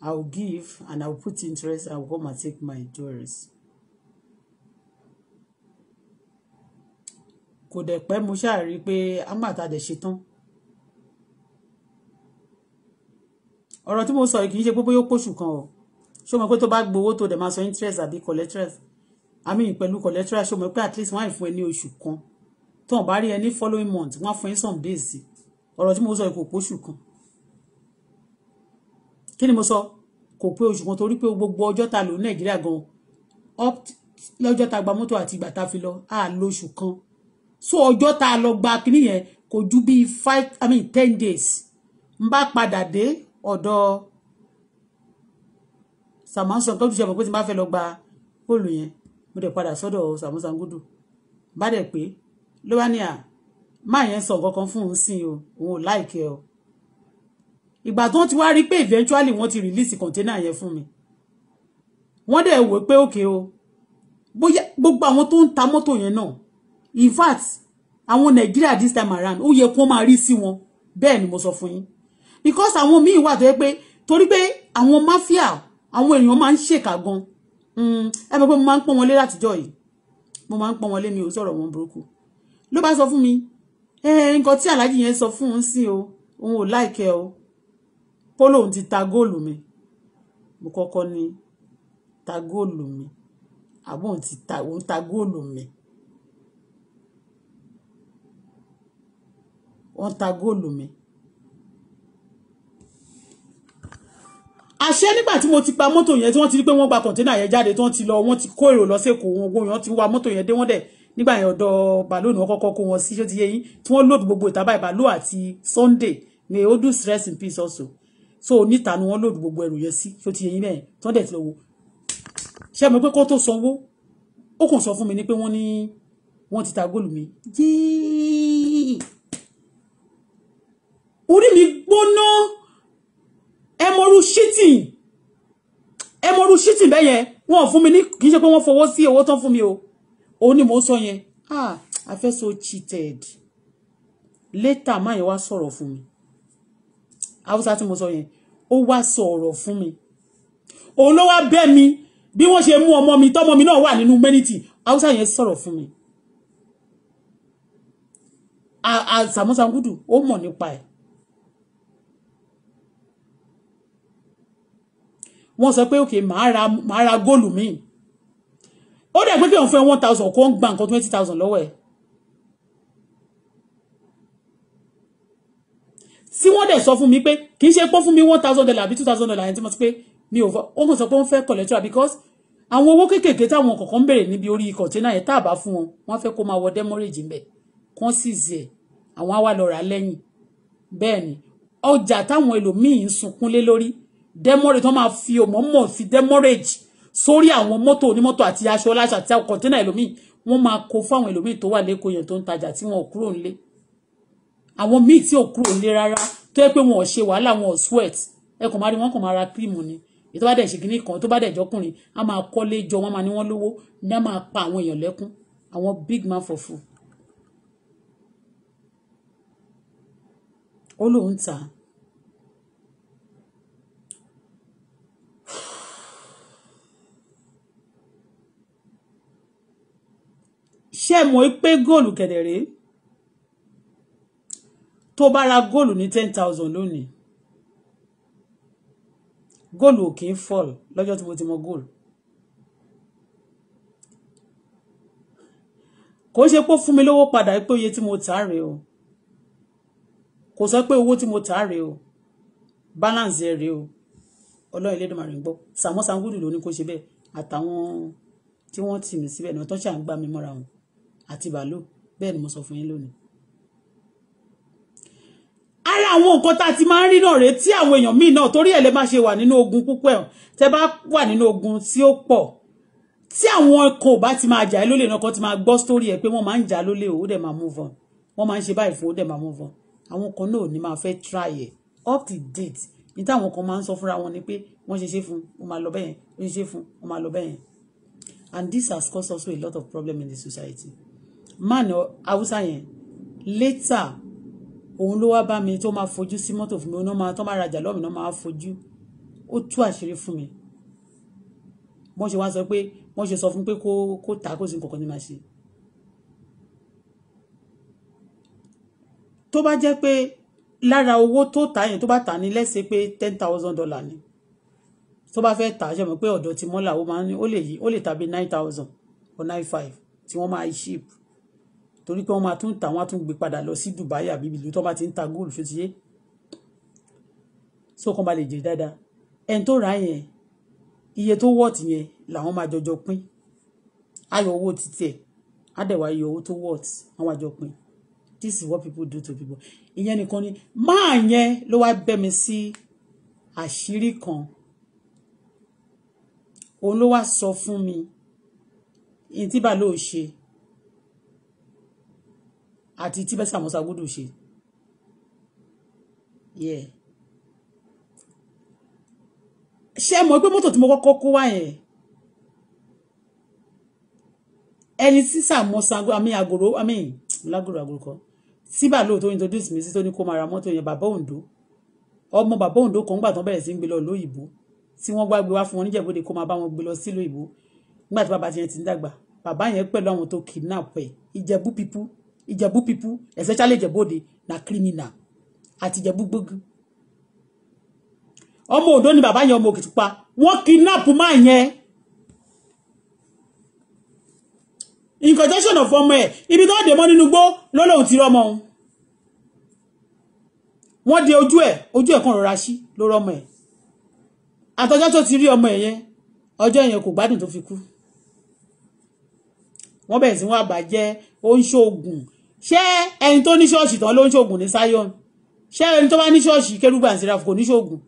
I will give and I will put interest I will come and take my jewels. kò dẹ̀ pẹ́ mo ṣáà rí i pé àgbàtà dẹ̀ ṣe ọ̀rọ̀ tí mo sọ yìí kì í ṣe pé bóyá ó pòṣù kan o ṣé o mọ̀ pé tó bá gbowó tó dẹ̀ máa sọ interest àbí collateral i mean pẹ̀lú collateral ṣé o mọ̀ pé at least wọ́n á fún ẹ ní oṣù kan tó ń bá rí ẹ ní following month wọ́n á fún ẹ some days sí ọ̀rọ̀ tí mo sọ yìí kò pòṣù kan kí ni mo sọ kò pé oṣù kan torí pé gbogbo ọjọ́ ta lò ní nàìjíríà gan up lọ́jọ́ ta gba mọ́tò àti ìgbà ta fi lọ á lóṣù kan so ọjọ́ ta lọ gba kínní yẹn kò ju bíi five i mean ten days n bá padà dé ọ̀dọ̀ sàmásàn tó dùn ṣe mọ̀ pé tí n bá fẹ́ lọ gba fóònù yẹn mo dẹ̀ padà sọ́dọ̀ sàmúsàngúdù bá dẹ̀ pé ló wá ní à máa yẹn sọ nǹkan kan fún òun sí o òun ò láìkẹ́ o ìgbà tó ti wá rí pé eventually wọ́n ti release container yẹn fún mi wọ́n dẹ̀ wò pé òkè o bóyá gbogbo àwọn tó ń ta mọ́tò yẹn náà in fact àwọn Nàìjíríà this time around ó yẹ kó máa rí sí wọn bẹ́ẹ̀ ni mo sọ fún yín because àwọn míì wà tó yẹ pé torí pé àwọn mafia àwọn èèyàn máa ń ṣèkà gan mm, ẹ mọ̀ pé mo máa ń pọ́n wọn lé látijọ́ yìí mo máa ń pọ́n wọn lé mi ò sọ̀rọ̀ wọn burúkú ló bá sọ fún mi nǹkan tí aláàjì yẹn sọ fún un sí o òun ò láìkẹ́ o kó lóun ti ta góòlù mi mo kọ́kọ́ ní ta góòlù mi àbọ̀ òun ti ta òun ta góòlù mi wọ́n ta góòlù mi àṣẹ nígbà tí mo ti pa mọ́tò yẹn tí wọ́n ti rí pé wọ́n gba kọ̀ǹténà yẹn jáde tí wọ́n ti lọ wọ́n ti kó èrò lọ́sẹ̀kọ̀ wọn ogun yẹn ti wa mọ́tò yẹn dé wọ́n dẹ̀ nígbà yẹn ọ̀dọ̀ bàlóònù wọn kọ́kọ́ kó wọn sí ṣó ti yé yín tí wọ́n lòdù gbogbo ìta báyìí bàlóò àti Sunday ni ó dùn stress in peace also so níta ni wọ́n lòdù gbogbo ẹrù yẹn sí ṣó ti yé yín bẹ́ẹ̀ tí wọ́n dẹ̀ ti lọ wo ṣé mo pé kó tó sanwó ó kàn sọ fún mi ni pé wọ́n ní wọ́n ti ta góòlù mi yéé orí mi gbóná. Emoru mọrú shitting ẹ mọrú shitting bẹ́ẹ̀ yẹn wọ́n fún mi ní kì í ṣe pé wọ́n fọwọ́ sí owó tán mi o òun ni mò ń sọ ah I feel so cheated later máa yẹn wá sọ̀rọ̀ fún mi haúsá tí mo sọ yẹn ó wá sọ̀rọ̀ fún mi òun ló wá bẹ́ mi bí wọ́n ṣe mú ọmọ mi tọ́mọ mi náà wà nínú mẹ́nìtì haúsá yẹn sọ̀rọ̀ fún mi àṣàmúṣàgùdù ó mọ̀ nípa ẹ̀ wọ́n sọ pé òkè màá ra màá ra góòlù míì ó dẹ̀ pé kí òun fẹ́ one thousand kó ń gba nǹkan twenty thousand lọ́wọ́ ẹ̀ tí wọ́n dẹ̀ sọ fún mi pé kì í ṣe pọ́ fún mi one thousand dollar àbí two thousand dollar yẹn tí mo ti pé mi ò ó kàn sọ pé wọ́n fẹ́ collector because àwọn owó kéékèèké táwọn kọ̀ọ̀kan béèrè níbi orí kọ̀ńténà yẹn tá a bá fún wọn wọ́n fẹ́ kó máa wọ demurrage ńbẹ̀ kán sì zì ẹ̀ àwọn á wà lọ rà lẹ́yìn bẹ́ẹ̀ ni ọjà táwọn ẹlòmíì ń sunkún lé lórí demorage wọ́n máa fi òmọ́mọ́ fi demorage sórí àwọn mọ́tò onímọ́tò àti aṣọ aláṣọ àti kọ̀ńténà ẹlòmíì wọ́n máa kó fáwọn ẹlòmíì tó to lẹ́kọ̀ọ́ yẹn tó ń tajà tí wọn ò kúrò nílé àwọn míì tí ò kúrò nílé rárá tó yẹ pé wọn ò ṣe wàhálà wọn ò sweat ẹ kò máa rí wọn kò máa ra kírìmù ni èyí tó bá dẹ̀ ṣe kínní kan tó bá dẹ̀ jọkùnrin á máa kọ́lé jọ wọn máa ní wọn lówó ní á máa pa àwọn èèyàn lẹ́kún àwọn big man for food ta ṣé ẹ mọ̀ pé góòlù kẹ̀dẹ̀rẹ́ tó bá ra góòlù ní ten thousand lónìí góòlù ò kì í fall lọ́jọ́ tí mo ti mọ góòlù kò ṣe pé ó fún mi lówó padà pé iye tí mo tà á rèé o kò sọ pé owó tí mo tà rèé o balance ẹ rèé o ọlọ́run Elédùmarè ń gbọ́ Sàámú Ṣàngúdù ló ní kó ṣe bẹ́ẹ̀ àtàwọn tí wọ́n tì mí síbẹ̀ náà tó ṣà ń mi mọ́ra wọn àti bàálù bẹ́ẹ̀ ni mo sọ fún yín lónìí. ara àwọn nǹkan tá a ti máa ń rí náà rèé tí àwọn èèyàn míì náà torí ẹ̀ lè má ṣe wà nínú ogun púpọ̀ ẹ̀ tẹ́ bá wà nínú ogun tí ó pọ̀ tí àwọn kan ò bá ti máa jà ẹ́ lólè náà kan ti máa gbọ́ sórí ẹ̀ pé wọ́n máa ń jà lólè ó dẹ̀ máa move on wọ́n máa ń ṣe báyìí fún ó dẹ̀ máa move on àwọn kan náà ò ní máa fẹ́ try ẹ̀ up to date ní táwọn kan máa ń sọ fúnra wọn ni pé wọ́n ṣe ṣe fún wọ́n máa lọ bẹ́yẹn wọ́n ṣe ṣe fún wọ́n máa lọ bẹ́yẹn and this has caused also a lot of problem in the society man haúsá yẹn later òun ló wá bá mi tó máa fojú sí mọ́tò fún mi òun náà máa tó máa rajà lọ́mìn náà máa fojú ó tú àṣírí fún mi wọ́n ṣe wá sọ pé wọ́n ṣe sọ fún pé kó kó ta kó sì ń kọ̀ọ̀kan ní máa ṣe. tó bá jẹ́ pé lára owó tó tà yẹn tó bá tà ní lẹ́sẹ̀ pé ten thousand dollar ni tó bá fẹ́ tà ṣe mọ̀ pé ọ̀dọ̀ ti mọ́là ó lè tàbí nine thousand or nine five tí wọ́n máa ship torí pé wọ́n máa tún tà wọ́n á tún gbé padà lọ sí Dubai àbí ìlú tó bá ti ń ta góòlù ṣó ti yé so kàn bá lè jẹ dáadáa ẹni tó rà yẹn iye tó wọ́ọ̀tì yẹn làwọn máa jọjọ pín ayọ̀ owó títí ẹ̀ adẹ̀wà iye owó tó wọ́ọ̀tì wọ́n máa jọ pín this is what people do to people ìyẹn nìkan ni máa yẹn ló wá bẹ́ mi sí àṣírí kan òun ló wá sọ fún mi ìyẹn tí ṣe àti tí Bẹ́sà Musa Gudu ṣe ṣé mọ̀ pé mọ́tò tí mo kọ́kọ́ kó wá yẹn ẹni tí sàmọ́ sango àmì àgòrò àmì lágòrò àgòrò kan síbà lóòótọ́ introduce mi sí tó ní kó máa ra mọ́tò yẹn bàbá òǹdó ọmọ bàbá òǹdó kan gbà tán bẹ̀rẹ̀ sí ń gbé lọ lóyìnbó tí wọ́n gbàgbé wá fún wọn níjẹ̀bọ́dé kó máa bá wọn gbé lọ sí lóyìnbó nígbà tí bàbá tiẹ̀ ti ń dàgbà bàbá yẹn pẹ̀lú àwọn tó kidnap ẹ̀ ìjẹ̀bú people Ijebu pipu especially Ijebode, na criminal. Àti Ijebu gbogbo. Ọmọ Ondo ni bàbá yẹn ọmọ Òkìtì pa. Wọ́n kidnap máa yẹn. In conjunction of ọmọ ẹ̀, ibi tó dé mọ́ nínú gbó lọ́lọ́hun ti rọ́mọ òun. Wọ́n de ojú ẹ̀, ojú ẹ̀ kan rọra sí ló rọ́mọ ẹ̀. Àtọjọ́ tó ti rí ọmọ ẹ̀ yẹn, ọjọ́ yẹn kò gbádùn tó fi kú wọ́n bẹ̀rẹ̀ sí wọ́n àbàjẹ́ ó ń ṣoògùn ṣé ẹni tó ní ṣọ́ọ̀ṣì tán ló ń ṣoògùn ní Zion ṣé ẹni tó bá ní ṣọ́ọ̀ṣì kérúgbà àti ráf kò ní ṣoògùn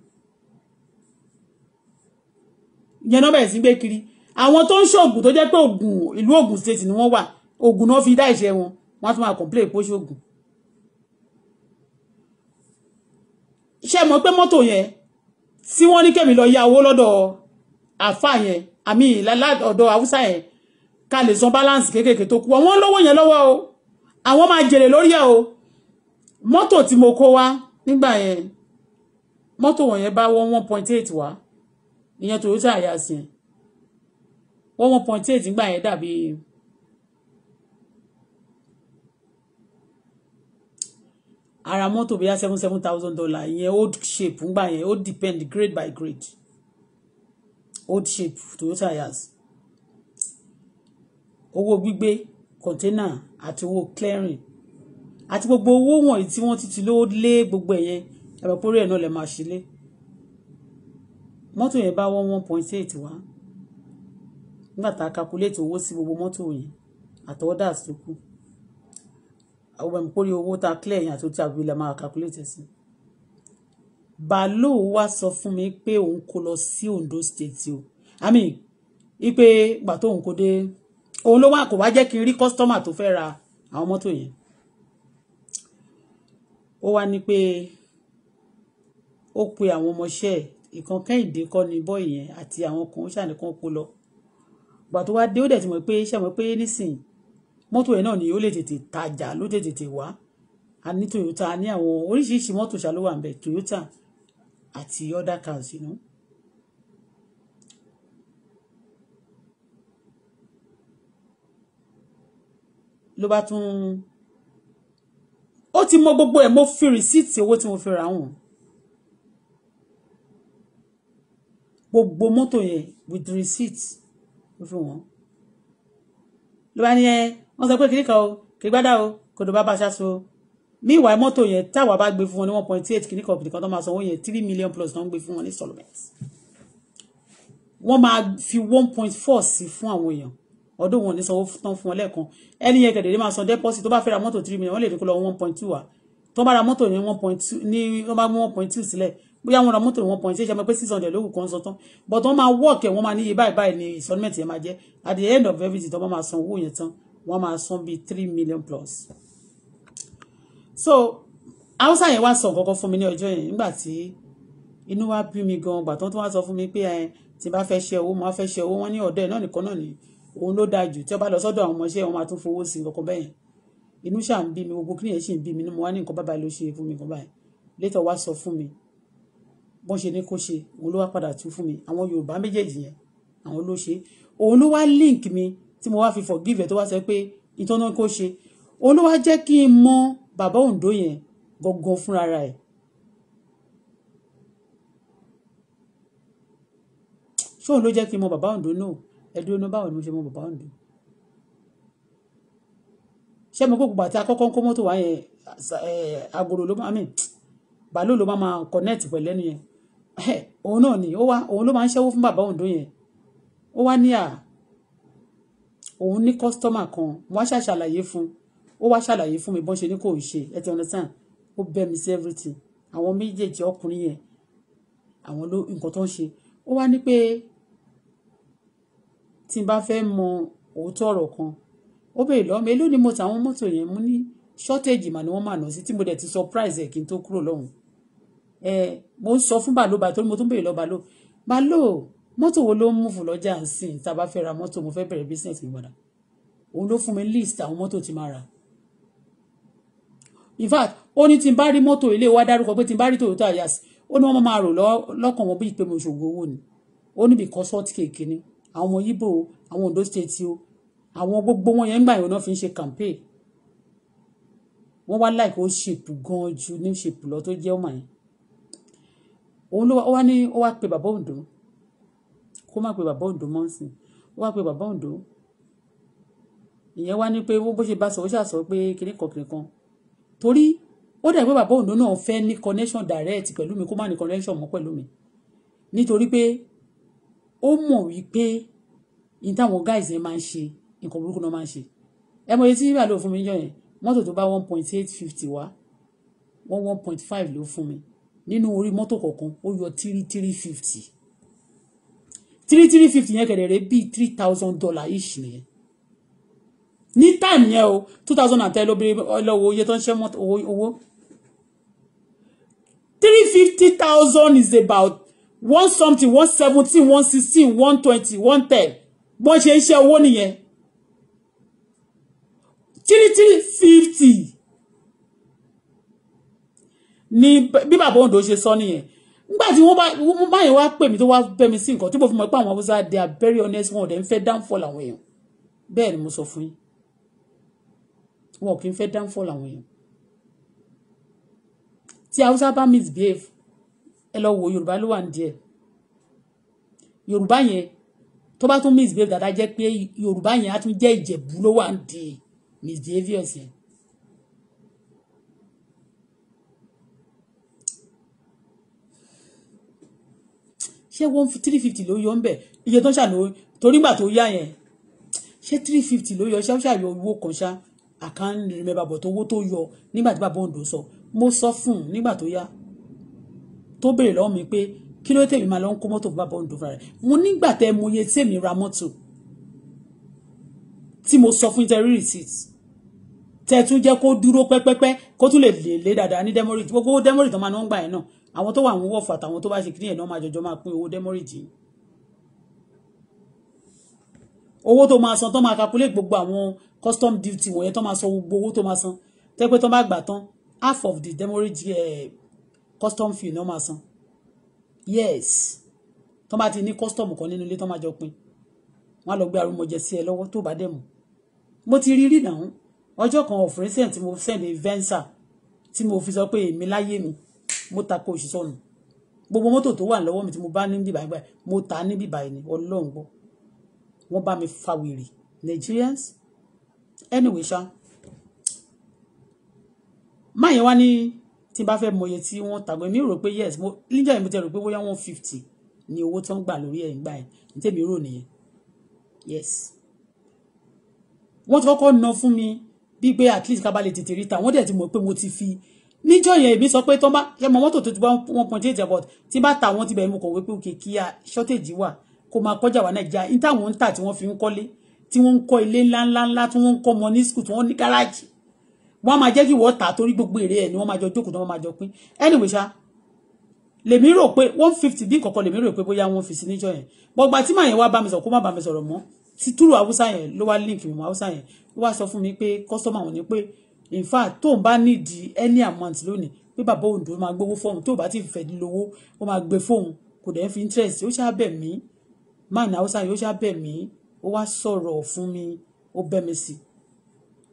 ìyẹn náà bẹ̀rẹ̀ sí gbé kiri àwọn tó ń ṣoògùn tó jẹ́ pé ògùn ìlú Ògùn state ni wọ́n wà ògùn náà fi dá ìṣẹ́ wọn wọ́n á tún máa complain pé ó ṣoògùn ṣé mọ̀ pé mọ́tò yẹn tí wọ́n ní kẹ́mi lọ ya owó lọ́dọ̀ àfà yẹn àmì ìlàlá ọ̀dọ̀ haúsá yẹn ká lè san balance kéékèèké tó kù wọ́n lówó yẹn lọ́wọ́ o àwọn máa jèrè lórí ẹ̀ o mọ́tò tí mo kó wá nígbà yẹn mọ́tò wọ̀nyẹn bá wọ́n one point eight wá ìyẹn Toyota Yasin wọ́n one point eight nígbà yẹn dàbí ara mọ́tò bíyá seven seven thousand dollar ìyẹn old shape ńgbà yẹn ó depend grade by grade old shape Toyota Yasin owó gbígbé container àti owó clearing àti gbogbo owó wọ̀nyí tí wọ́n ti ti lówó lé gbogbo ẹ̀yẹ ẹ̀rọ pórí ẹ̀ náà lè máa ṣe lé mọ́tò yẹn bá wọ́n one point eight wá nígbà tá a calculate owó sí gbogbo mọ́tò yẹn àti orders tó kù àwọn ẹ̀mí pórí owó tá a clear yẹn àti ojú àbí la máa calculate sí balo wa sọ fún mi pé òun kò lọ sí Ondo state o i mean ipe gbà tó òun kò dé. De òun ló wà kó wá jẹ́ kí n rí kọ́sítọ́mà tó fẹ́ ra àwọn mọ́tò yẹn ó wá ní pé ó pe àwọn ọmọọṣẹ́ ìkan kẹ́hìndé kọ́ ni bọ́ọ̀ yẹn àti àwọn kan ṣàní kan kó lọ gbà tó wá dé ó dẹ̀ ti mọ̀ pé ṣe mọ̀ pé nísìnyí mọ́tò yẹn náà ni ó lè tètè tajà ló lè tètè wá a ní Toyota a ní àwọn oríṣiríṣi mọ́tò ṣàlówà ń bẹ̀ Toyota àti other cars you know ló bá tún ó ti mọ gbogbo ẹ̀ mo fi rìsíìtì owó tí mo fi rà wọ́n gbogbo mọ́tò yẹn with receipt ló fi wọ́n ló bá ní ẹ wọ́n sọ pé kiri kan o kiri gbádà o kò tó bá bá aṣáṣo meanwhile mọ́tò yẹn táwa bá gbé fún wọn ní one point eight kiri kan kiri kan tó máa sanwó yẹn three million plus náà ń gbé fún wọn ní solomons wọ́n máa fi one point four sí fún àwọn èèyàn ọdún wọn ò ní sanwó tán fún wọn lẹ́ẹ̀kan ẹni yẹn kẹ̀dẹ̀dẹ̀ máa san deposit tó bá fẹ́ ra mọ́tò three million wọ́n lè ní kó lọ one point two wa tó bá ra mọ́tò ní one point two ní wọ́n bá mú one point two sílẹ̀ bóyá wọn ra mọ́tò ní one point two ṣe máa pé six hundred lókùn kan san tán but wọ́n máa wọ́ọ̀kì wọ́n máa níye báyìí báyìí ní installment yẹn máa jẹ́ at the end of everything tó bá máa san owó yẹn tán wọ́n máa san bíi three million plus. so hausa yẹn wá sọ kọ́kọ́ fún mi ní ọjọ́ yẹn nígbà tí inú wa bí mi gan gbà tó tó wá sọ fún mi pé tí bá fẹ́ ṣe owó mo fẹ́ ṣe owó wọn ní ọ̀dọ́ ẹ̀ náà nìkan náà nìyí òun ló dáa jù tí wọ́n bá lọ sọ́dọ̀ àwọn ọmọọṣẹ́ wọn máa tún fowó sí nǹkan bẹ́ẹ̀ inú ṣáà ń bí mi gbogbo kíni ẹ̀ ṣì ń bí mi ni mo wá ní nǹkan bábàá ló ṣe fún mi nǹkan báyìí létọ̀ wá sọ fún mi bọ́n ṣe ní kó ṣe òun ló wá padà tú fún mi àwọn Yorùbá méjèèjì yẹn àwọn ló ṣe òun ló wá link mi tí mo wá fi forgive ẹ̀ tó wá sọ pé ìtọ́nà kó ṣe òun ló wá jẹ́ kí n mọ bàbá Ondo yẹn gangan fúnra ẹ̀ ṣóun ló jẹ́ kí n mọ bàbá Ondo náà ẹ̀dùn ọ̀nà báwo ni mo ṣe mọ bàbá òǹdó ṣé mo gbogbo àti akọ́kọ́ ń kó mọ́tò wá agolo ló máa mì bàálù ló máa connect pẹ̀lú ẹnu yẹn òun náà ni ó wá òun ló máa ń ṣẹ́wó fún bàbá òǹdó yẹn ó wá ní à òun ní kọ́sítọ́mà kan wọ́n á ṣàṣàlàyé fún ó wá ṣàlàyé fún mi bọ́n ṣe ní kò ń ṣe ẹ ti understand ó bẹ́ mi sí everything àwọn méjèèjì ọkùnrin yẹn àwọn ló nǹkan tó ń ṣe ó wá ní pé tí n bá fẹ́ mọ òótọ́ ọ̀rọ̀ kan ó béèrè lọ́wọ́ mi èló ni mo ta àwọn mọ́tò yẹn mú ní shortage mà ni wọ́n mà nà sí tí mo dẹ̀ ti surprise ẹ̀ kí n tó kúrò lọ́hùn ẹ mo ń sọ fún bàló bàtó mo tún béèrè lọ bàló bàló mọ́tò wo ló ń mú fún lọ́jà nsìn tá a bá fẹ́ ra mọ́tò mo fẹ́ bẹ̀rẹ̀ business mi padà òun ló fún mi list àwọn mọ́tò tí máa rà in fact ó ní tí n bá rí mọ́tò ilé wa dárúkọ pé tí n bá rí Toyota Yaris ó ní wọ́n máa rò lọ́kàn wọn bí ìpè mi òṣogbo owó ni àwọn ọmọ Yíbò o àwọn Ondo state o àwọn gbogbo wọn yẹn ń gbà yẹn náà fi ń ṣe campaign wọ́n wá láì kó ṣèpù gan ju ní ṣèpù lọ tó jẹ́ ọmọ yẹn òun ló wá ní ó wá pe bàbá Ondo kó má pe bàbá Ondo mọ́ sí ó wá pe bàbá Ondo ìyẹn wá ní pé bó ṣe bá sọ ó ṣàṣọ pé kinní kan kinní kan torí ó dẹ̀ pé bàbá Ondo náà fẹ́ ní connection direct pẹ̀lú mi kó má ní connection mọ́ pẹ̀lú mi nítorí pé ó mọ̀ wípé ní táwọn guys yẹn máa ń ṣe nǹkan burúkú náà máa ń ṣe ẹ mọ̀ iye tí bíbà ló fún mi jọ yẹn mọ́tò tó bá one point eight fifty wá one one point five ló fún mi nínú orí mọ́tò kọ̀ọ̀kan ó yọ three three fifty three three fifty yẹn kẹ̀dẹ̀ rẹ̀ bíi three thousand dollar each nìyẹn ní time yẹn o two thousand and ten ló bèrè lọ́wọ́ oye tó ń ṣe owó three fifty thousand is about one something one seventeen one sixteen one twenty one ten bọ́n ṣe iṣẹ́ owó nìyẹn three three fifty ni bí bàbá òǹdó ṣe sọ nìyẹn nígbà tí wọ́n báyìí wá pè mí tó wá bẹ́ mi sí nǹkan tí mo fi mọ̀ pé àwọn Hausa they are very honest wọn ò dẹ̀ ń fẹ́ downfall àwọn èèyàn bẹ́ẹ̀ ni mo sọ fún yín wọn ò kì í fẹ́ downfall àwọn èèyàn tí Hausa bá misbehave ẹ lọ wo yorùbá ló wà ní díẹ̀ yorùbá yẹn tó bá tún misbehave dáadáa jẹ́ pé yorùbá yẹn á tún jẹ́ ìjẹ̀bú ló wà ní díẹ̀ misbehaviors yẹn. ṣé one three fifty ló yọ ń iye tó ń ṣàlò torí gbà tó yá yẹn ṣé three fifty ló yọ ṣé ó ṣàyọ owó kan ṣá I can't remember but owó tó yọ nígbà tí bàbá òǹdó sọ mo sọ fún un nígbà tó yá tó béèrè lọ́wọ́ mi pé kí ló tèmi máa lọ ń kó mọ́tò bàbá òǹdó fúnra rẹ̀ mo nígbà tẹ mo yẹ tèmi ra mọ́tò tí mo sọ fún tẹ́rí receipt tẹ tún jẹ́ kó dúró pẹ́pẹ́pẹ́ kó tún lè lè lé dáadáa ní demorage gbogbo demorage tó máa ń gbà yẹn náà àwọn tó wà ń wọ̀fọ̀ àtàwọn tó bá ṣe kí nìyẹn náà máa jọjọ máa pín owó demorage yìí owó tó máa san tó máa calculate gbogbo àwọn custom duty wọ̀nyẹn tó máa san gbogbo owó tó máa san tẹ́pẹ́ tó bá gbà tán half of the demorage eh, custom fee náà máa san yes tó bá ti ní custom kan nínú ilé tó máa jọ pin wọn á lọ gbé arúmọjẹ sí ẹ lọ́wọ́ tó bá dẹ̀ mọ̀ mo ti rí rí náà ọjọ́ kan of recent tí mo send a venza tí mo fi sọ pé èmi láyé mi mo ta ko òṣìṣọ́ nù gbogbo mọ́tò tó wà lọ́wọ́ mi tí mo bá ní bíbá ẹgbẹ́ mo ta ní bíbá ẹni ọlọ́run gbọ́ wọ́n bá mi fa wèrè Nigerians anyway ṣá máyẹn wá ní tí n bá fẹ́ mọye tí wọ́n tàgbọ́ mi rò pé yes mo níjà yìí mo ti rò pé bóyá one fifty ni owó tó ń gbà lórí ẹ̀ gbà ẹ̀ tèmi rò nìyẹn yes wọ́n ti kọ́kọ́ ná fún mi bíi pé at least kábàlẹ̀ tètè ríta wọ́n dẹ̀ ti mọ̀ pé mo ti fi níjọ́ yẹn èmi sọ pé tó bá ṣe mọ mọ́tò tó ti bá one point eight about tí bá ta wọ́n ti bẹ̀rẹ̀ mo kọ̀ wípé òkè kí a shortage wà kó máa kọjá wà nàìjíríà ní táwọn ń tà tí wọ́n fi ń kọ́lé tí wọ́n ń kọ́ ilé ńláńláńlá tí wọ́n ń kọ́ mọ ní school wọ́n ní gáràjì wọ́n máa jẹ́ kí wọ́n tà torí gbogbo èrè ẹ̀ ni wọ́n máa jọ jókòó náà wọ́n máa jọ pín anyway ṣá lèmi rò pé one fifty bí kọ̀ọ̀kan lèmi rò pé bóyá wọ́n fi sí níjọ́ yẹn gbọ́gbà tí màá yẹn wá bá mi sọ̀rọ̀ kó má bá mi sọ̀rọ̀ mọ́ ti túrò haúsá yẹn ló wá link mi mọ́ haúsá yẹn ó wá sọ fún mi pé customer wọn ni pé in fact tóun bá nídìí any amount lónìí pé bàbá òǹdó máa gbowó fóun tó bá ti fẹ́ lówó ó máa gbé fóun kò dẹ̀ fi interest ó ṣáà bẹ̀ mí máa ní haúsá yìí ó ṣáà bẹ̀ mí ó wá sọ̀rọ̀ fún mi ó bẹ́ mi sí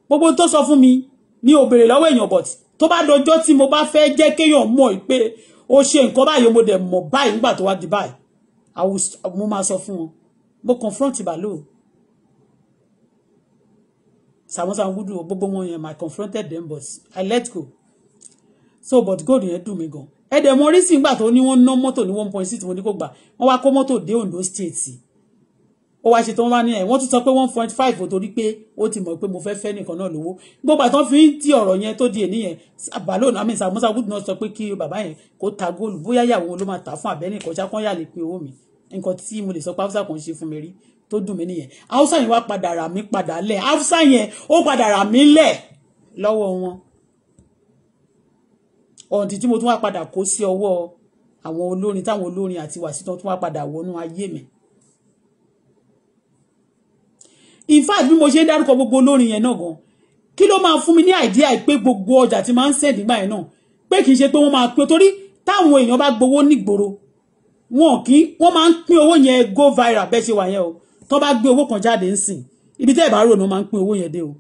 gbogbo tó sọ fún mi ni ò béèrè lọ́wọ́ èèyàn but tó bá dọjọ́ tí mo bá fẹ́ jẹ́ kéèyàn mọ̀ pé ó ṣe nǹkan báyìí mo dẹ̀ mọ̀ báyìí nígbà tó wá di báyìí mo máa sọ fún wọn mo confront Balo Samuel Gudu gbogbo wọn yẹn my confronted them but I let go so but gold yẹn dùn mí gan ẹ̀dẹ̀ mo rí sí ìgbà tó ní wọ́n ná mọ́tò ní one point six mo ní kó gbà wọ́n wá kó mọ́tò dé Ondo state ó wá ṣe tó wá ní ẹ̀ wọ́n tún sọ pé one point five torí pé ó ti mọ̀ pé mo fẹ́ fẹ́ nìkan náà lówó gbogbo àtọ́ fi ń tí ọ̀rọ̀ yẹn tó di ènìyàn yẹn balo nami samusa wood náà sọ pé kí bàbá yẹn kó ta góòlù bóyá ìyàwó ló máa tà fún abẹ́ni ìkọjá kan yà lè pe owó mi nǹkan tí mo lè sọ pé haúsá kan ṣe fún mi rí tó dùn mí nìyẹn haúsá yẹn wá padà rà mí padà lẹ̀ haúsá yẹn ó padà rà mí lẹ̀ lọ́wọ́ wọn ọ̀ǹtí tí mo tún wá padà kó sí ọwọ́ àwọn olórin táwọn olórin àti wàsítan tún wá padà wọnú ayé mi in fact bí mo ṣe ń dárúkọ gbogbo olórin yẹn náà gan kí ló máa fún mi ní àìdíà pé gbogbo ọjà tí máa ń sẹ̀ nígbà yẹn náà pé kì í ṣe pé wọ́n máa pín torí táwọn èèyàn bá gbowó nígboro wọn kì í wọ́n máa ń pín owó yẹn go viral bẹ́ẹ̀ ṣe wà yẹn o tó bá gbé owó kan jáde ńsìn ibi tẹ́ ẹ̀ bá rò ní wọ́n máa ń pín owó yẹn dé o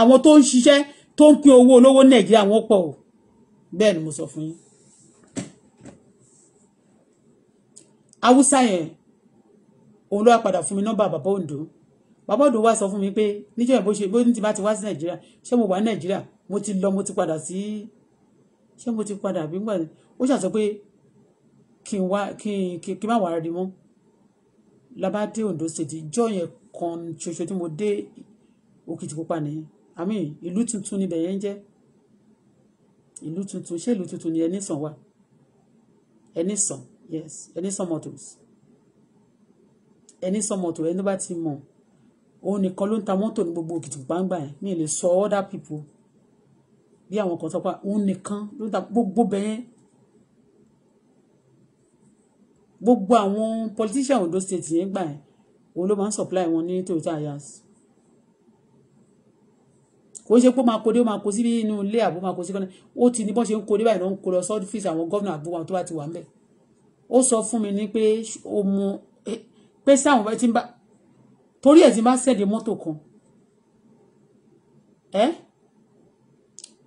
àwọn tó ń ṣiṣẹ́ tó ń pín owó olówó nàìjíríà wọ́n pọ̀ o bẹ́ẹ̀ ni mo sọ fún yín haúsá yẹn òun ló wá padà fún mi nọ́mbà bàbá òǹdó bàbá òdò wá sọ fún mi pé níjọ́ ìbò ṣe bó ní ti bá ti wá sí nàìjíríà ṣé mo wà ní nàìjíríà mo ti lọ mo ti padà sí ṣé mo ti padà bí gbà ó ṣàṣọ pé kí n wá kí n kí n má wàá rí mọ́ labá dé Ondo State ìjọ yẹn kan ṣoṣo tí mo dé Òkìtìpupa ni àmì ìlú tuntun níbẹ̀ yẹn ń jẹ́ ìlú tuntun ṣé ìlú tuntun ni ẹni sàn wà ẹni sàn yes ẹni sàn mọ́tò ẹni sàn mọ́tò ẹni bá ti mọ̀ òun nìkan ló ń ta mọ́tò ní gbogbo òkìtì gbangba yẹn mi ò lè sọ other people bí àwọn kan sọpá òun nìkan ló ń ta gbogbo bẹ́ẹ̀ gbogbo àwọn politician Ondo state yẹn gbà yẹn òun ló máa ń supply wọn ní Toyota Hiace kò ṣe pé ó máa kodé ó máa kó sí inú ilé àbó máa kó sí kọ́nà ó ti ní bọ́n ṣe ń kodé báyìí ló ń kó lọ sọ́ọ́dún fíìsì àwọn gómìnà àbó wọn tó bá ti wà ń bẹ̀ ó sọ fún mi ní pé ó mu pé sáwọn bá ti ń bá torí ẹ̀ tí bá sẹ̀dẹ̀ mọ́tò kan ẹ́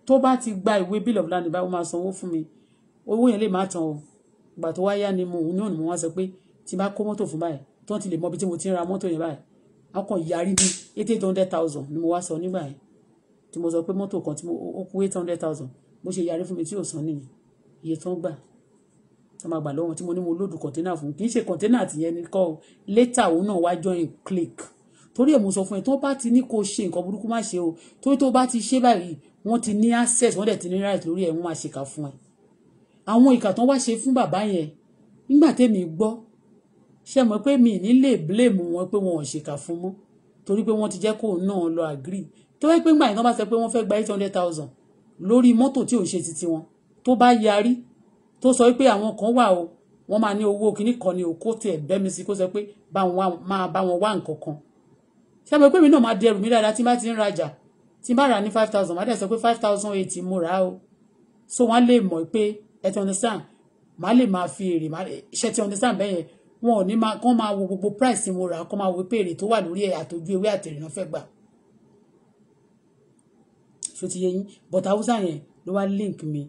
tó bá ti gba ìwé bill of land báwo máa sanwó fún mi owó yẹn lè má tán o ìgbà tó wáyá ni mo ní òní mo wá sọ pé tí bá kó mọ́tò fún báyìí tó ń ti lè mọ ibi tí mo ti ń ra mọ́tò yẹn báyìí a kàn yarí ní eight hundred thousand ni mo wá sọ nígbà yẹn tí mo sọ pé mọ́tò kan tí mo ó kú eight hundred thousand bó ṣe yarí fún mi tí ò san nìyẹn iye tó ń gbà tó máa gbà lọ́wọ́ tí mo ní mo lóòdù kọ̀ńténà fún kì í ṣe kọ̀ńténà tìyẹn ní létà òun náà wá join click torí ẹ̀ mo sọ fún ẹ tó bá ti ní kó ṣe nǹkan burúkú má ṣe o torí tó bá ti ṣe báyìí wọ́n ti ní access wọ́n dẹ̀ ti ní right lórí ẹ̀ wọ́n máa ṣèkà fún ẹ àwọn ìkà tán wá ṣe fún bàbá yẹn nígbà tẹ́mi gbọ́ ṣe mọ̀ pé mi ní lè blame wọn pé wọn ò ṣèkà fún mọ́ torí pé wọ́n ti jẹ́ kóun náà lọ agree tó wáyé pé ńgbà yẹn tó bá sọ pé wọ́n fẹ́ gba eight hundred thousand lórí mọ́tò tí ò ń ṣe titi wọn tó bá yarí tó sọ pé àwọn kan wà o wọ́n máa ní owó kíní kan ni o kó tiẹ̀ bẹ́mi sí kó sọ pé máa bá wọn wá nǹkan kan ṣé àmọ́ pé mi náà máa dẹrù mi dáadáa tí bá ti ń rajà tí bá rà ní five thousand máa dẹ̀ sọ pé five thousand eighty mo rà o so wọ́n lè mọ̀ pé ẹ ti understand màá lè máa fi èrè ṣe ti understand bẹ́ẹ̀ yẹn wọn ò ní máa kán máa wo gbogbo price tí mo rà kán máa wo pé èrè tó wà lórí ẹ̀ àtòjú ewé àtẹ̀rẹ̀ náà fẹ́ gbà so ti yẹ yín but Hausa yẹn ló wá link mi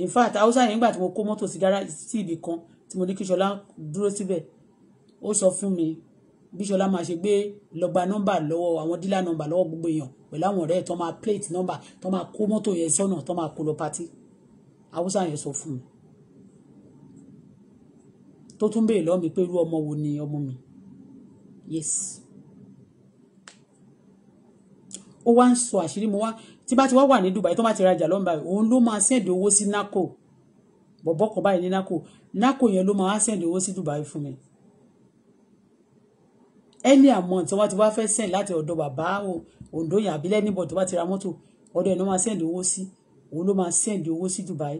in fact haúsá yẹn nígbà tí mo kó mọ́tò sí gáràjì sí ibì kan tí mo ní kí ṣọlá dúró síbẹ̀ ó sọ fún mi bí ṣọlá máa ṣe gbé lọ́gba nọ́mbà lọ́wọ́ àwọn dílà nọ́mbà lọ́wọ́ gbogbo èèyàn pẹ̀lú àwọn ọ̀rẹ́ tó máa plate nọ́mbà tó máa kó mọ́tò yẹn sọ́nà tó máa kó lọ patí haúsá yẹn sọ fún mi tó tún béèrè lọ́wọ́ mi pé irú ọmọ wo ni ọmọ mi yes ó wá ń sọ àṣírí mo wá tí bá ti wá wà ní Dubai tó bá ti rajà lọ́nà òun ló máa sẹ́ẹ̀dì owó sí nako bọ̀bọ́ kan báyìí ní nako nako yẹn ló máa sẹ́ẹ̀dì owó sí Dubai fún mi ẹni àmọ́ tí wọ́n ti wá fẹ́ sẹ́ẹ̀dì láti ọ̀dọ̀ bàbá Ondo yẹn àbílẹ̀ níbọ̀ tó bá ti ra mọ́tò ọ̀dọ̀ ẹ̀ ló máa sẹ́ẹ̀dì owó sí òun ló máa sẹ́ẹ̀dì owó sí Dubai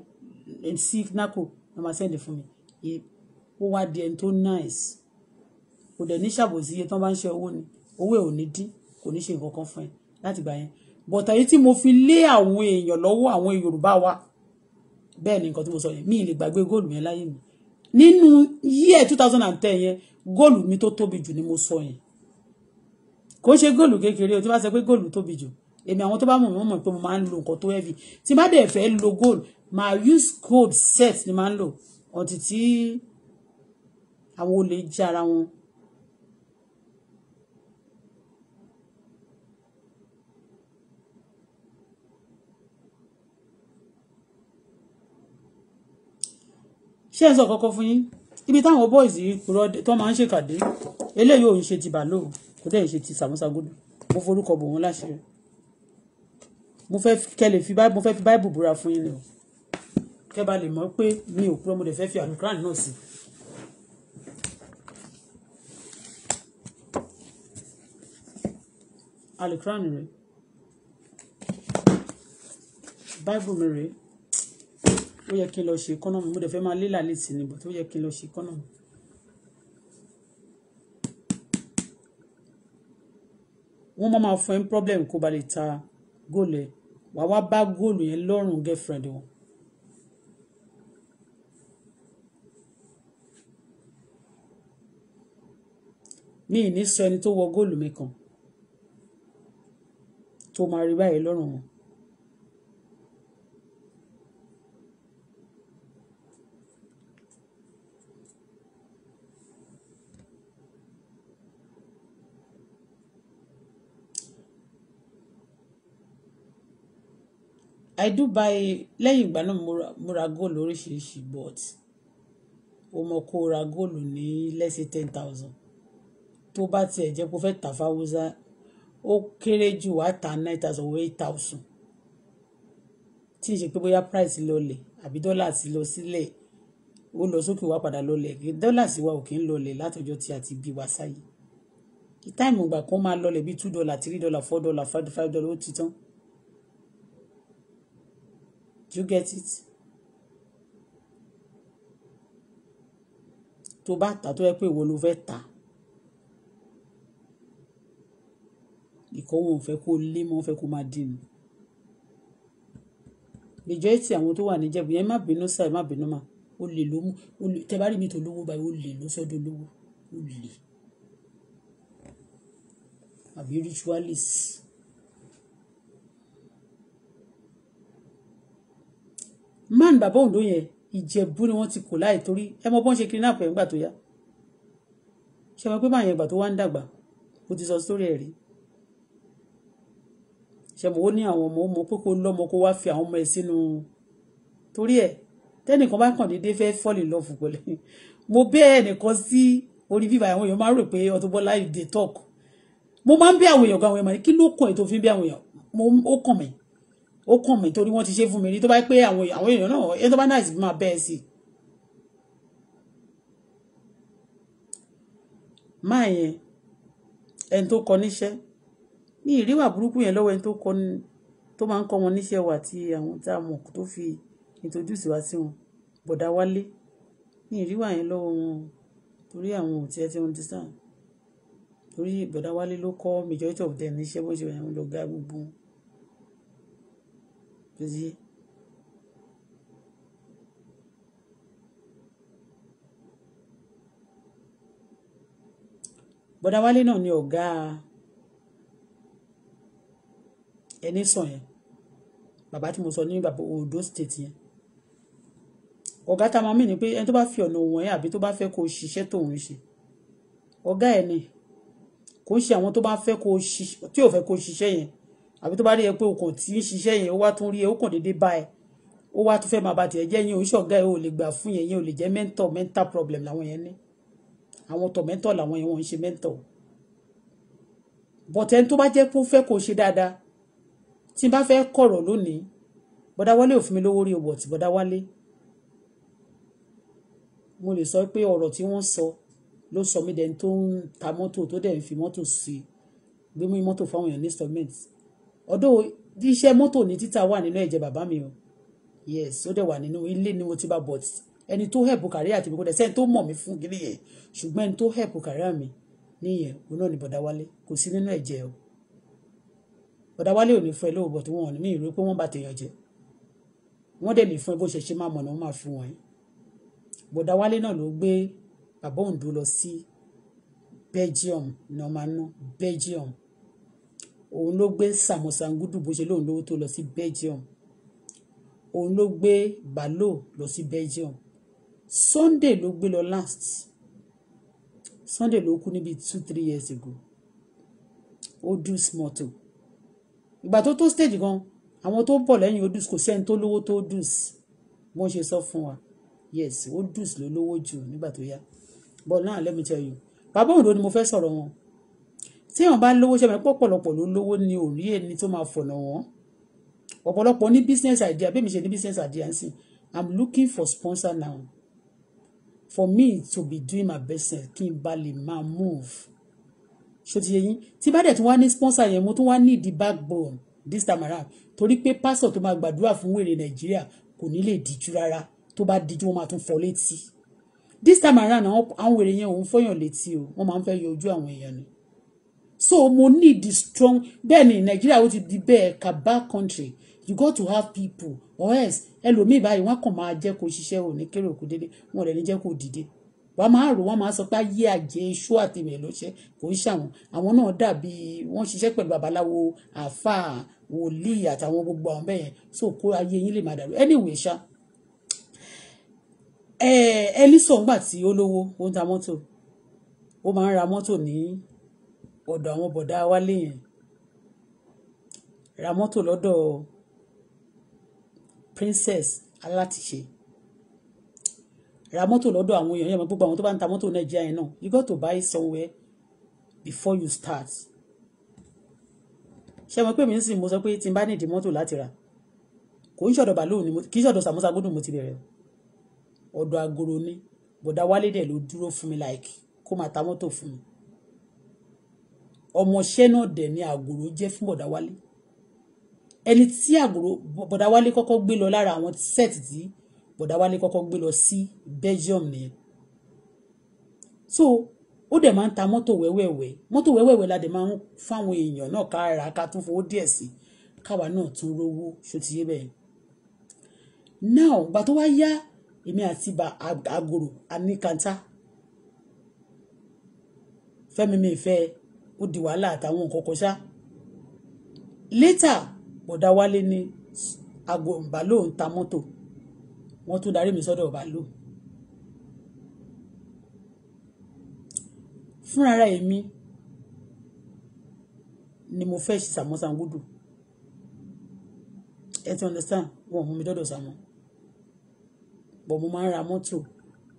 sí nako ló máa sẹ́ẹ̀dì fún mi ó wá di ẹni tó nice kò dẹ̀ ní ṣàbòsí iye tí wọ́n bá ń ṣe owó ni owó ẹ̀ ò ní dín kò ní ṣe nǹkan kan fún ẹ láti gbà yẹn but èyí tí mo fi lé àwọn èèyàn lọ́wọ́ àwọn Yorùbá wa bẹ́ẹ̀ ni nǹkan tí mo sọ yẹn mi ì lè gbàgbé góòlù yẹn láyé mi nínú yíẹ̀ two thousand and ten yẹn góòlù mi tó tóbi jù ni mo sọ yẹn kò ṣe góòlù kékeré o tí wọ́n sọ pé góòlù tóbi jù èmi àwọn tó bá mọ̀ mọ́ mọ̀ pé mo máa ń lo nǹkan tó heavy tí bá dẹ̀ fẹ́ lo gold máa use code set ni máa ń lò ọ̀tí tí àwọn olè jí ara wọn ṣé ẹ sọ kọ́kọ́ fún yín ibi táwọn boys yìí kúrò tó máa ń ṣèkàdé eléyìí ò ń ṣe ti bàló kò dẹ̀ ń ṣe ti sàmúsàgódò mo forúkọ bò wọ́n láṣẹ mo fẹ́ kẹlẹ̀ fi mo fẹ́ fi báìbù búra fún yín ni o kẹ́ bá lè mọ̀ pé mi ò kúrò mo dẹ̀ fẹ́ fi àlùkùrán náà sí. àlùkùrán rẹ̀ báìbù mi rèé ó yẹ kí n lọ ṣe kọ́nà mi mo dẹ̀ fẹ́ máa lélà létí ni but ó yẹ kí n lọ ṣe kọ́nà mi. wọ́n máa ma fún ẹ ní problem kó ba lè ta góòlù ẹ̀ wàá wá bá góòlù yẹn lọ́rùn girlfriend wọn. mi ì ní sọ ẹni tó wọ góòlù mi kan tó máa rí báyìí lọ́rùn wọn. I do buy lẹ́yìn ìgbà náà mo ra, mo ra góòlù oríṣiríṣi but o mọ̀ kó ra góòlù ní let's ten thousand tó bá ti ẹ̀ jẹ́ pé o fẹ́ tà fún Hausa ó kéré jù wá ta nine thousand or eight thousand tí ì ṣe pé bóyá price lọlẹ̀ àbí dọ́là ti lọ sílẹ̀ ó lọ sókè wá padà lọlẹ̀ dọ́là sì wa ò kí ń lọlẹ̀ látọjọ́ tí a ti bí wa sáyé táìmù ìgbà kan máa lọlẹ̀ bíi two dollar three dollar four dollar five dollar ó ti tán Do you get it? tó bá tà tó yẹ pé ìwọ ló fẹ́ tà ìkọ́wọ́ òun fẹ́ kó lé mọ́ fẹ́ kó máa dì ní. majority àwọn tó wà níjẹ̀bù yẹn má bínú sá ẹ má bínú mà ó lè ló mú tẹ bá rí mi tó lówó báyìí ó lè ló sọ́dọ̀ lówó ó lè àbí ritualist. man bàbá Ondo yẹn ìjẹ̀bú ni wọ́n ti kò láì torí ẹ mọ bọ́n ṣe kidnap ẹ̀ ńgbà tó yá ṣe mọ pé máa yẹn ìgbà tó wá ń dàgbà mo ti sọ sórí ẹ̀ rí ṣe mọ ó ní àwọn ọmọ ọmọ pé kó lọ́mọ kó wá fi àwọn ọmọ ẹ̀ sínú torí ẹ̀ tẹ́nìkan bá kàn déédéé fẹ́ fọ́ọ̀lì lọ́ọ̀fù pẹ̀lú mo bẹ́ẹ̀ nìkan sí orí bíbá àwọn èèyàn máa rò pé Auto Bola dey mo máa ń bí àwọn èèyàn gan àwọn èèyàn kí ló kàn ẹ́ tó bí àwọn èèyàn ó kàn mí ó kàn mí torí wọ́n ti ṣe fún mi rí tó bá pé àwọn àwọn èèyàn náà ẹ tó bá náà sì máa bẹ́ẹ̀ sí i. máa yẹn ẹni tó kọ níṣẹ́ ní ìríwà burúkú yẹn lọ́wọ́ ẹni tó kọ tó máa ń kọ́ wọn níṣẹ́ wà tí àwọn tá a mọ̀ tó fi introduce wá sí wọn bọ̀dá wálé ní ìríwà yẹn lọ́wọ́ wọn torí àwọn ò tiẹ̀ tí wọ́n ti sàn torí bọ̀dá wálé ló kọ́ majority of them níṣẹ́ bó ṣe wà ní ọ̀gá gbogbo wọn sí bọ́dà wálé náà ni ọ̀gá ẹni sàn yẹn bàbá tí mo sọ ní bàbá Ondo state yẹn ọ̀gá tá a máa mí ni pé ẹni tó bá fi ọ̀nà wọ̀nyí àbí tó bá fẹ́ kó ṣiṣẹ́ tóun ṣe ọ̀gá ẹ̀ ni kò ń ṣe àwọn tó bá fẹ́ kó ṣiṣẹ́ tí ò fẹ́ kó ṣiṣẹ́ yẹn àbí tó bá rí ẹ pé o kò tí ń ṣiṣẹ́ yẹn ó wá tún rí ẹ ó kàn déédéé bá ẹ ó wá tún fẹ́ máa ba tiẹ̀ jẹ́ yín oníṣọ̀gá ẹ ò lè gbà fún yẹn yẹn ò lè jẹ́ mentor mental problem làwọn yẹn ní àwọn tọ̀ mentor làwọn yẹn wọ́n ń ṣe mentor bọ̀tẹ́ tó bá jẹ́ pé ó fẹ́ kó ṣe dáadáa tí n bá fẹ́ kọ̀rọ̀ lónìí bọ́dá wálé ò fún mi lówó rí owó ọ̀tí bọ́dá wálé mo lè sọ pé ọ̀rọ̀ tí wọ́n sọ ló sọ mí dẹni tó ń ta mọ́tò tó dẹ̀ ń fi mọ́tò sí gbé mú mọ́tò fáwọn èèyàn ní instrument Although iṣẹ́ mọ́tò ní títà wà nínú ẹ̀jẹ̀ bàbá mi o yes ó dẹ̀ wà nínú ilé ni mo ti bá bọ̀t ẹni tó help kàrí àti ìbíkọ́ dẹ̀sẹ́ni tó mọ̀ mí fún gírí yẹn ṣùgbọ́n ẹni tó help kàrí àmì níyẹn òun náà ni bọ̀dá wálé kò sí nínú ẹ̀jẹ̀ o bọ̀dá wálé ò ní fún ẹ lóòbò tí wọ́n ní ìró pé wọ́n bá tèèyàn jẹ wọ́n dẹ̀ lè fún ẹ bó ṣe ṣe máa mọ̀nà wọ́n máa fún wọn bọ̀dá wálé náà ló gbé bàbá òǹdó lọ sí Belgium ní ọmọ náà Belgium òun ló gbé sàmọ̀sàngúdù bó ṣe lóun lówó tó lọ sí belgium òun ló gbé balo lọ sí belgium sunday ló gbé lọ last sunday ló kú níbi two three years ago ó dùs mọ́tò ìgbà tó tó stage gan àwọn tó bọ̀ lẹ́yìn ó dùs kò sẹ́ni tó lówó tó dùs bó ṣe sọ fún wa yes ó dùs ló lówó jù nígbà tó yá but now let me tell you bàbá òun ni mo fẹ́ sọ̀rọ̀ wọn tí èèyàn bá lówó ṣe mọ̀ pé ọ̀pọ̀lọpọ̀ ló lówó ni ò rí ẹni tó máa fọ̀nà wọn ọ̀pọ̀lọpọ̀ ní business idea bí mi ṣe ní business idea ń sìn I'm looking for sponsor now for me to be doing my business kí n bá lè máa move ṣó ti yẹ yín tí bá dẹ̀ tún wá ní sponsor yẹn mo tún wá ní ìdí backbone this time around torí pé pásọ̀ tó máa gbàdúrà fún wèrè Nàìjíríà kò ní lè díjú rárá tó bá díjú wọn máa tún fọ létí this time around àwọn wèrè yẹn òun fọyàn létí o wọn máa ń fẹ́ yọ ojú àwọn èèyàn ni so mo need the strong bẹ́ẹ̀ ni Nigeria, ó ti di bẹ́ẹ̀ kaba country you got to have people or else ẹlòmíì báyìí wọn kàn máa jẹ́ kó ṣiṣẹ́ ò ní kéré òkú dédé wọn ò lè ní jẹ́ kó dìde wàá máa rò wọn máa sọ pé ayé àjẹ iṣu àti ìwẹ̀ lọ́sẹ̀ kò ń ṣàwọn àwọn náà dàbí wọ́n ṣiṣẹ́ pẹ̀lú babaláwo àáfàá wòlíì àtàwọn gbogbo àwọn bẹ́ẹ̀ yẹn so kó ayé yín lè má dàrú anyway ṣá ẹni sọ̀ngbà tí ó lówó ó ń ta mọ́tò ó máa ń ra mọ́tò ní ọ̀dọ̀ àwọn bọ̀dá wálé yẹn ra mọ́tò lọ́dọ̀ princess alátiṣe ra mọ́tò lọ́dọ̀ àwọn èèyàn yẹn gbogbo àwọn tó bá ń ta mọ́tò nàìjíríà yẹn náà you got to buy somewhere before you start ṣé mo pé mi ń sìn mo sọ pé tí n bá nídìí mọ́tò láti rà kò ń ṣọ̀dọ̀ bàálù ni kì í ṣọ̀dọ̀ sàmúsà gbọ́dọ̀ mo ti bẹ̀rẹ̀ ọ̀dọ̀ agoro ni bọ̀dá wálé dẹ̀ ló dúró fún mi like kó máa ta mọ́tò fún mi ọmọọṣẹ́ náà dẹ̀ ni àgòrò jẹ́ fún bọ̀dá wálé ẹni tí àgòrò bọ̀dá wálé kọ́kọ́ gbé lọ lára àwọn sẹ́ẹ̀tì tí bọ̀dá wálé kọ́kọ́ gbé lọ sí Belgium nìyẹn so ó dẹ̀ máa ń ta mọ́tò wẹ́wẹ́wẹ́ mọ́tò wẹ́wẹ́wẹ́ la dẹ̀ máa ń fáwọn èèyàn náà ká ra ká tún fowó díẹ̀ sí káwa náà tún rówó ṣòtìyé bẹ́ẹ̀ now gbà tó wá yá èmi àti bà àgòrò àníkàntà fẹ́mi mi fẹ́ ó di wàhálà àtàwọn nǹkan kan ṣá létà bọ̀dá wálé ní aago bàálò ń ta mọ́tò wọ́n tún darí mi sọ́dọ̀ bàálò fúnra èmi ni mo fẹ́ Sàámú Ṣàngódù ẹ ti understand wọn mú mi dọ́dọ̀ Sàámú bọ̀ mo máa ń ra mọ́tò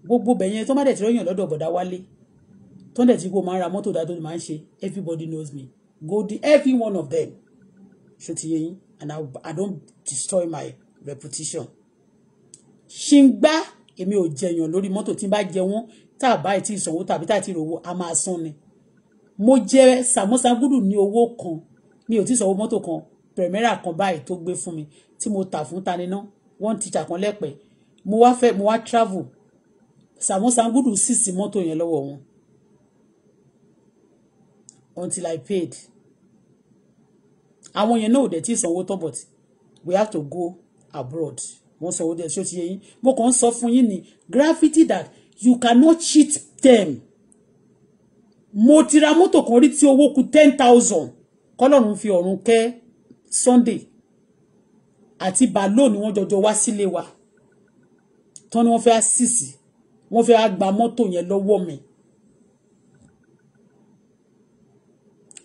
gbogbo bẹ̀yẹn tó má dẹ̀ ti rọ́yàn lọ́dọ̀ bọ̀dá wálé tọ́ndẹ̀ tí kò máa ń ra mọ́tò dáadọ́ ni máa ń ṣe everybody knows me go the every one of them ṣó ti yé and I, I don't destroy my reputation. ṣì ń gbá èmi ò jẹyàn lórí mọ́tò tí n bá jẹ wọ́n tá a bá ti ìsanwó tàbí tá a ti rówó a máa san ni. mo jẹ samosa gudu ní owó kan mi ò ti sanwó mọ́tò kan primera kan báyìí tó gbé fún mi tí mo tà fún taniná wọ́n teacher kan lẹ́pẹ́ mo wá fẹ́ mo wá travel samosa gudu sì sí mọ́tò yẹn lọ́wọ́ wọn until I paid àwọn yẹn náà ò dẹ̀ tí ì sanwó tọ́ but we have to go abroad wọ́n sanwó dẹ̀ tí ó ti yẹ yín mo kàn ń sọ fún yín ní graffiti that you cannot cheat them mo ti ra mọ́tò kan rí tí owó kù ten thousand kọ́lọ́run fi ọ̀run kẹ́ Sunday àti balo ni wọ́n jọjọ wá sílé wa tán ni wọ́n fẹ́ assist wọ́n fẹ́ gba mọ́tò yẹn lọ́wọ́ mi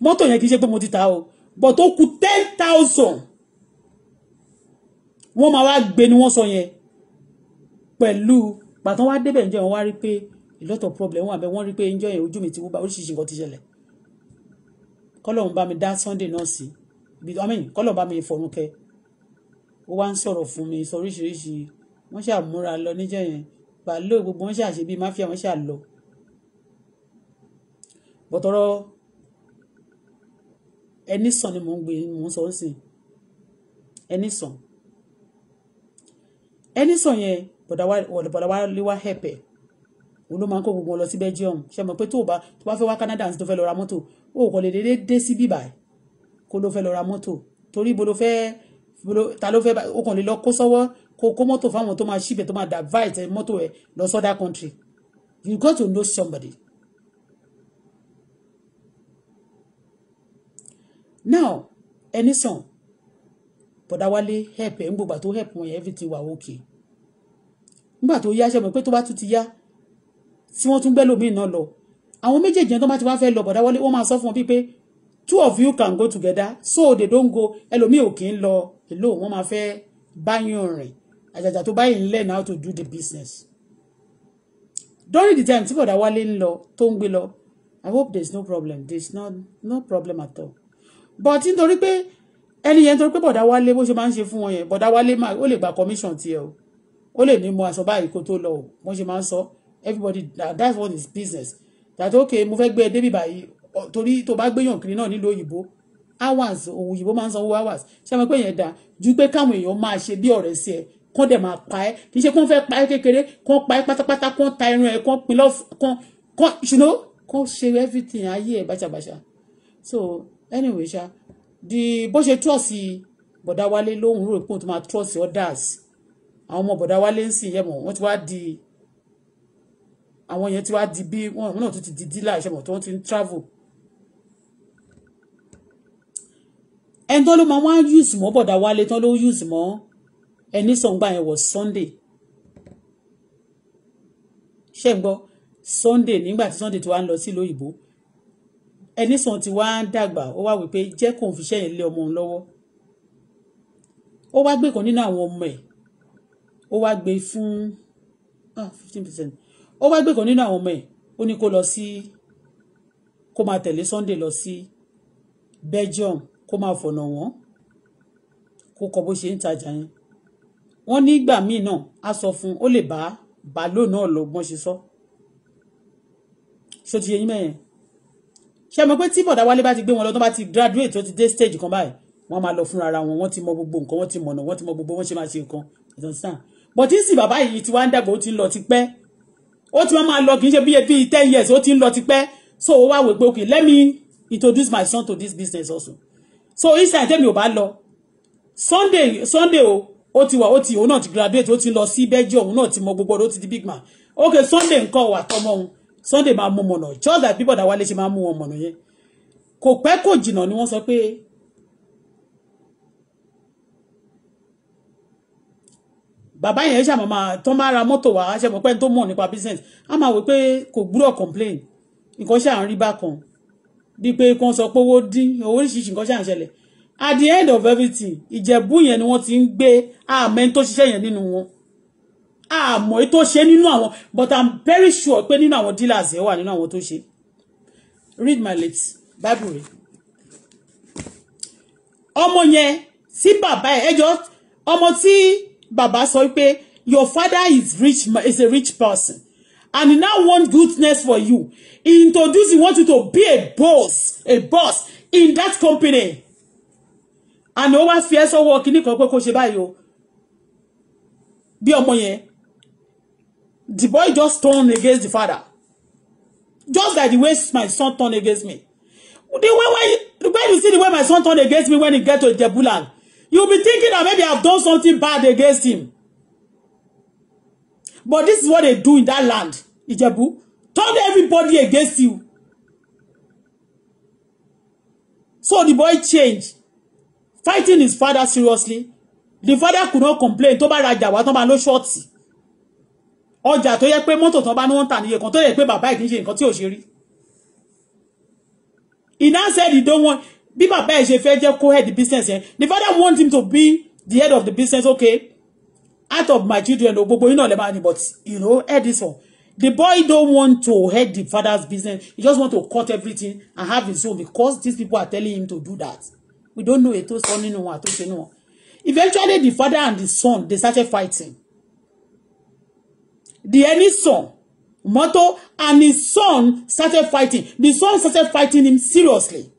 mọ́tò yẹn kì í ṣe pé mo ti ta o but ó kù ten thousand wọ́n máa wá gbé ni wọ́n sọ yẹn pẹ̀lú pàtó wá débẹ̀ ǹjọ́ yẹn wá rí pé a lot of problem wọn àbẹ̀ wọ́n rí pé ǹjọ́ yẹn ojú mi ti wú bá oríṣiríṣi nǹkan ti ṣẹlẹ̀ kọ́lọ́hún bá mi dá Sunday náà sí ibi I mean kọ́lọ́hún bá mi fọ̀run kẹ́ ó wá ń sọ̀rọ̀ fún mi sọ oríṣiríṣi wọ́n ṣáà múra lọ níjọ́ yẹn pàlọ́ gbogbo wọ́n ṣáà ṣe bíi máfíà wọ́n ṣáà lọ bọ̀tọ̀rọ̀ ẹni sàn ni mò ń gbé mò ń sọ ń sìn ẹni sàn ẹni sàn yẹn bọ̀dà wa lé wa hẹ̀pẹ̀ òun ló máa ń kó gbogbo wọn lọ sí Belgium ṣe mọ̀ pé tó bá tó bá fẹ́ wá Canada tó fẹ́ lọ ra mọ́tò o kò lè dédé dé sí bíbà kó ló fẹ́ lọ ra mọ́tò torí ibo ló fẹ́ ta ló fẹ́ o kàn lè lọ kó sọ́wọ́ kó kó mọ́tò fáwọn tó máa ṣíbẹ̀ tó máa divert mọ́tò ẹ̀ lọ sọ́dá country you got to know somebody now ẹni sàn bọ̀dá wálé help ẹ̀ ń gbogbo àtó help wọn yẹn everything wà okay nígbà tó yá ṣe mọ̀ pé tó bá tún ti yá tí wọ́n tún gbẹ́ lómi náà lọ àwọn méjèèjì yẹn tó bá ti wá fẹ́ lọ bọ̀dá wálé wọ́n máa sọ fún wọn bíi two of you can go together so they don't go ẹlòmíì ò kì í lọ èlò wọ́n máa fẹ́ báyọ̀ rìn àjàjà tó báyìí ń learn how to do the business during the time tí bọ̀dá wálé ń lọ tó ń gbé lọ I hope there is no problem there is no no problem at all but nítorí pé ẹni yẹn nítorí pé bọ̀dá wálé bó ṣe máa ń ṣe fún wọn yẹn bọ̀dá wálé máa ó lè gba commission tiẹ̀ o ó lè ní mo aṣọ báyìí kó tó lọ o wọ́n ṣe máa ń sọ everybody that one is business that okay mo fẹ́ gbé ẹ débi báyìí torí tó bá gbéyàn kiri náà nílùú òyìnbó hours òun òyìnbó máa ń sanwó hours ṣé ẹ mọ̀ pé yẹn dáa ju pé káwọn èèyàn máa ṣe bí ọ̀rẹ́ sí ẹ kán dẹ̀ máa pa ẹ́ kì í ṣe kán fẹ́ pa ẹ́ kékeré kán pa ẹ́ pátápátá kán ta irun ẹ̀ kán pin lọ́f kán ṣe everything ayé ẹ̀ báṣabàṣa so anyway ṣá di bó ṣe trọ́ọ̀sì bọ̀dá wálé lóhùn rò pé òun tó máa trọ́ọ̀sì others àwọn ọmọ bọ̀dá wálé ń sìn yẹ̀mọ̀ wọ́n ti wá di àwọn yẹn ti wá di bí wọ́n náà tún ti di dílà ìṣẹ̀mọ̀ tí wọ́n ti ń travel ẹni tó ló máa wá yùsì mọ́ bọ̀dá wálé tán ló yùsì mọ́ ẹni sọ̀ngbà yẹn wọ̀ sunday ṣé ń sunday nígbà tí sunday ti wá ń lọ sí ìlú òyìnbó ẹni sàn ti wá ń dàgbà ó wá wípé jẹ́ kóun fi ṣẹ́yìn lé ọmọ òun lọ́wọ́ ó wá gbé kan nínú àwọn ọmọ ẹ̀ ó wá gbé fún ah, fifteen percent ó wá gbé kan nínú àwọn ọmọ ẹ̀ ó ní kó lọ sí kó máa tẹ̀lé Sunday lọ sí Belgium kó máa fọ̀nà wọ́n kó kọ bó ṣe ń tajà yẹn wọ́n nígbà míì náà á sọ fún ó lè bá bàálò náà lọ ṣe sọ ṣó ti yẹ yín mẹ́yẹn ṣe mọ̀ pé tí bọ̀dá wálé bá ti gbé wọn lọ tó bá ti graduate tó ti dé stage kan báyìí wọ́n máa lọ fúnra ra wọn wọ́n ti mọ gbogbo nǹkan wọ́n ti mọ̀nà wọ́n ti mọ gbogbo wọ́n ṣe máa ṣe nǹkan ìtọ́sán bọ̀tí sì bàbá yìí ti wá ń dàgbà ó ti ń lọ tipẹ́ ó ti máa lọ kì í ṣe bíi bíi ten years ó ti ń lọ tipẹ́ so ó wá wò pé okay let me introduce my son to this business also so isa tẹ́mi ò bá lọ sunday sunday o ó ti wà ó ti òun náà ti graduate ó ti lọ sí bẹ́jọ́ òun náà ti mọ gbogbo ọdún ó ti di big man okay sunday nǹkan wà tọmọ òun Sunday máa mú mọ̀nà just that people that wálé ṣe máa mú wọn mọ̀nà yẹn kò pẹ́ kò jìnnà ni wọ́n sọ pé bàbá yẹn ṣàmọ́ máa tán máa ra mọ́tò wá ṣẹ̀mọ́ pẹ́ tó mọ̀ nípa business á máa wò pé kò gbúdọ̀ complain nǹkan ṣáà ń rí bákan bíi pé kàn sọ pé owó dín oríṣiríṣi nǹkan ṣáà ń ṣẹlẹ̀ at the end of everything ìjẹ̀bú yẹn ni wọ́n ti ń gbé àmẹ́ tó ṣiṣẹ́ yẹn nínú wọn àmọ́ èyí tó ṣe nínú àwọn but i'm very sure pé nínú àwọn dealers ẹ̀ wà nínú àwọn tó ṣe read my lips bible rẹ̀ ọmọ yẹn tí bàbá ẹ̀ ẹjọ́ ọmọ tí bàbá sọ pé your father is rich is a rich person and he now want goodness for you he introduce he want you to be a boss a boss in that company and ó wá fi ẹ́ sọ́wọ́ kínní kan pé kó ṣe báyìí o bí ọmọ yẹn the boy just turned against the father just like the way my son turned against me the way why you, when you see the way my son turned against me when he get to Ijebu land you'll be thinking that maybe I've done something bad against him but this is what they do in that land Ijebu turn everybody against you so the boy changed fighting his father seriously the father could not complain tó bá rajà wá tó ọjà tó yẹ pé mọ́tò tán ní wọ́n tà níye kan tó yẹ pé bàbá ìkíní ṣe nǹkan tí ò ṣe rí he now said he don't want bí bàbá ẹ̀ ṣe fẹ́ jẹ́ kó head the business yẹn the father want him to be the head of the business okay out of my children o gbogbo yín náà lè máa ní but you know head this one the boy don't want to head the father's business he just want to cut everything and have his own because these people are telling him to do that we don't know ètò sọ nínú wọn àtúnṣe nínú wọn eventually the father and the son they started fighting the any son Moto and his son started fighting. The son started fighting him seriously.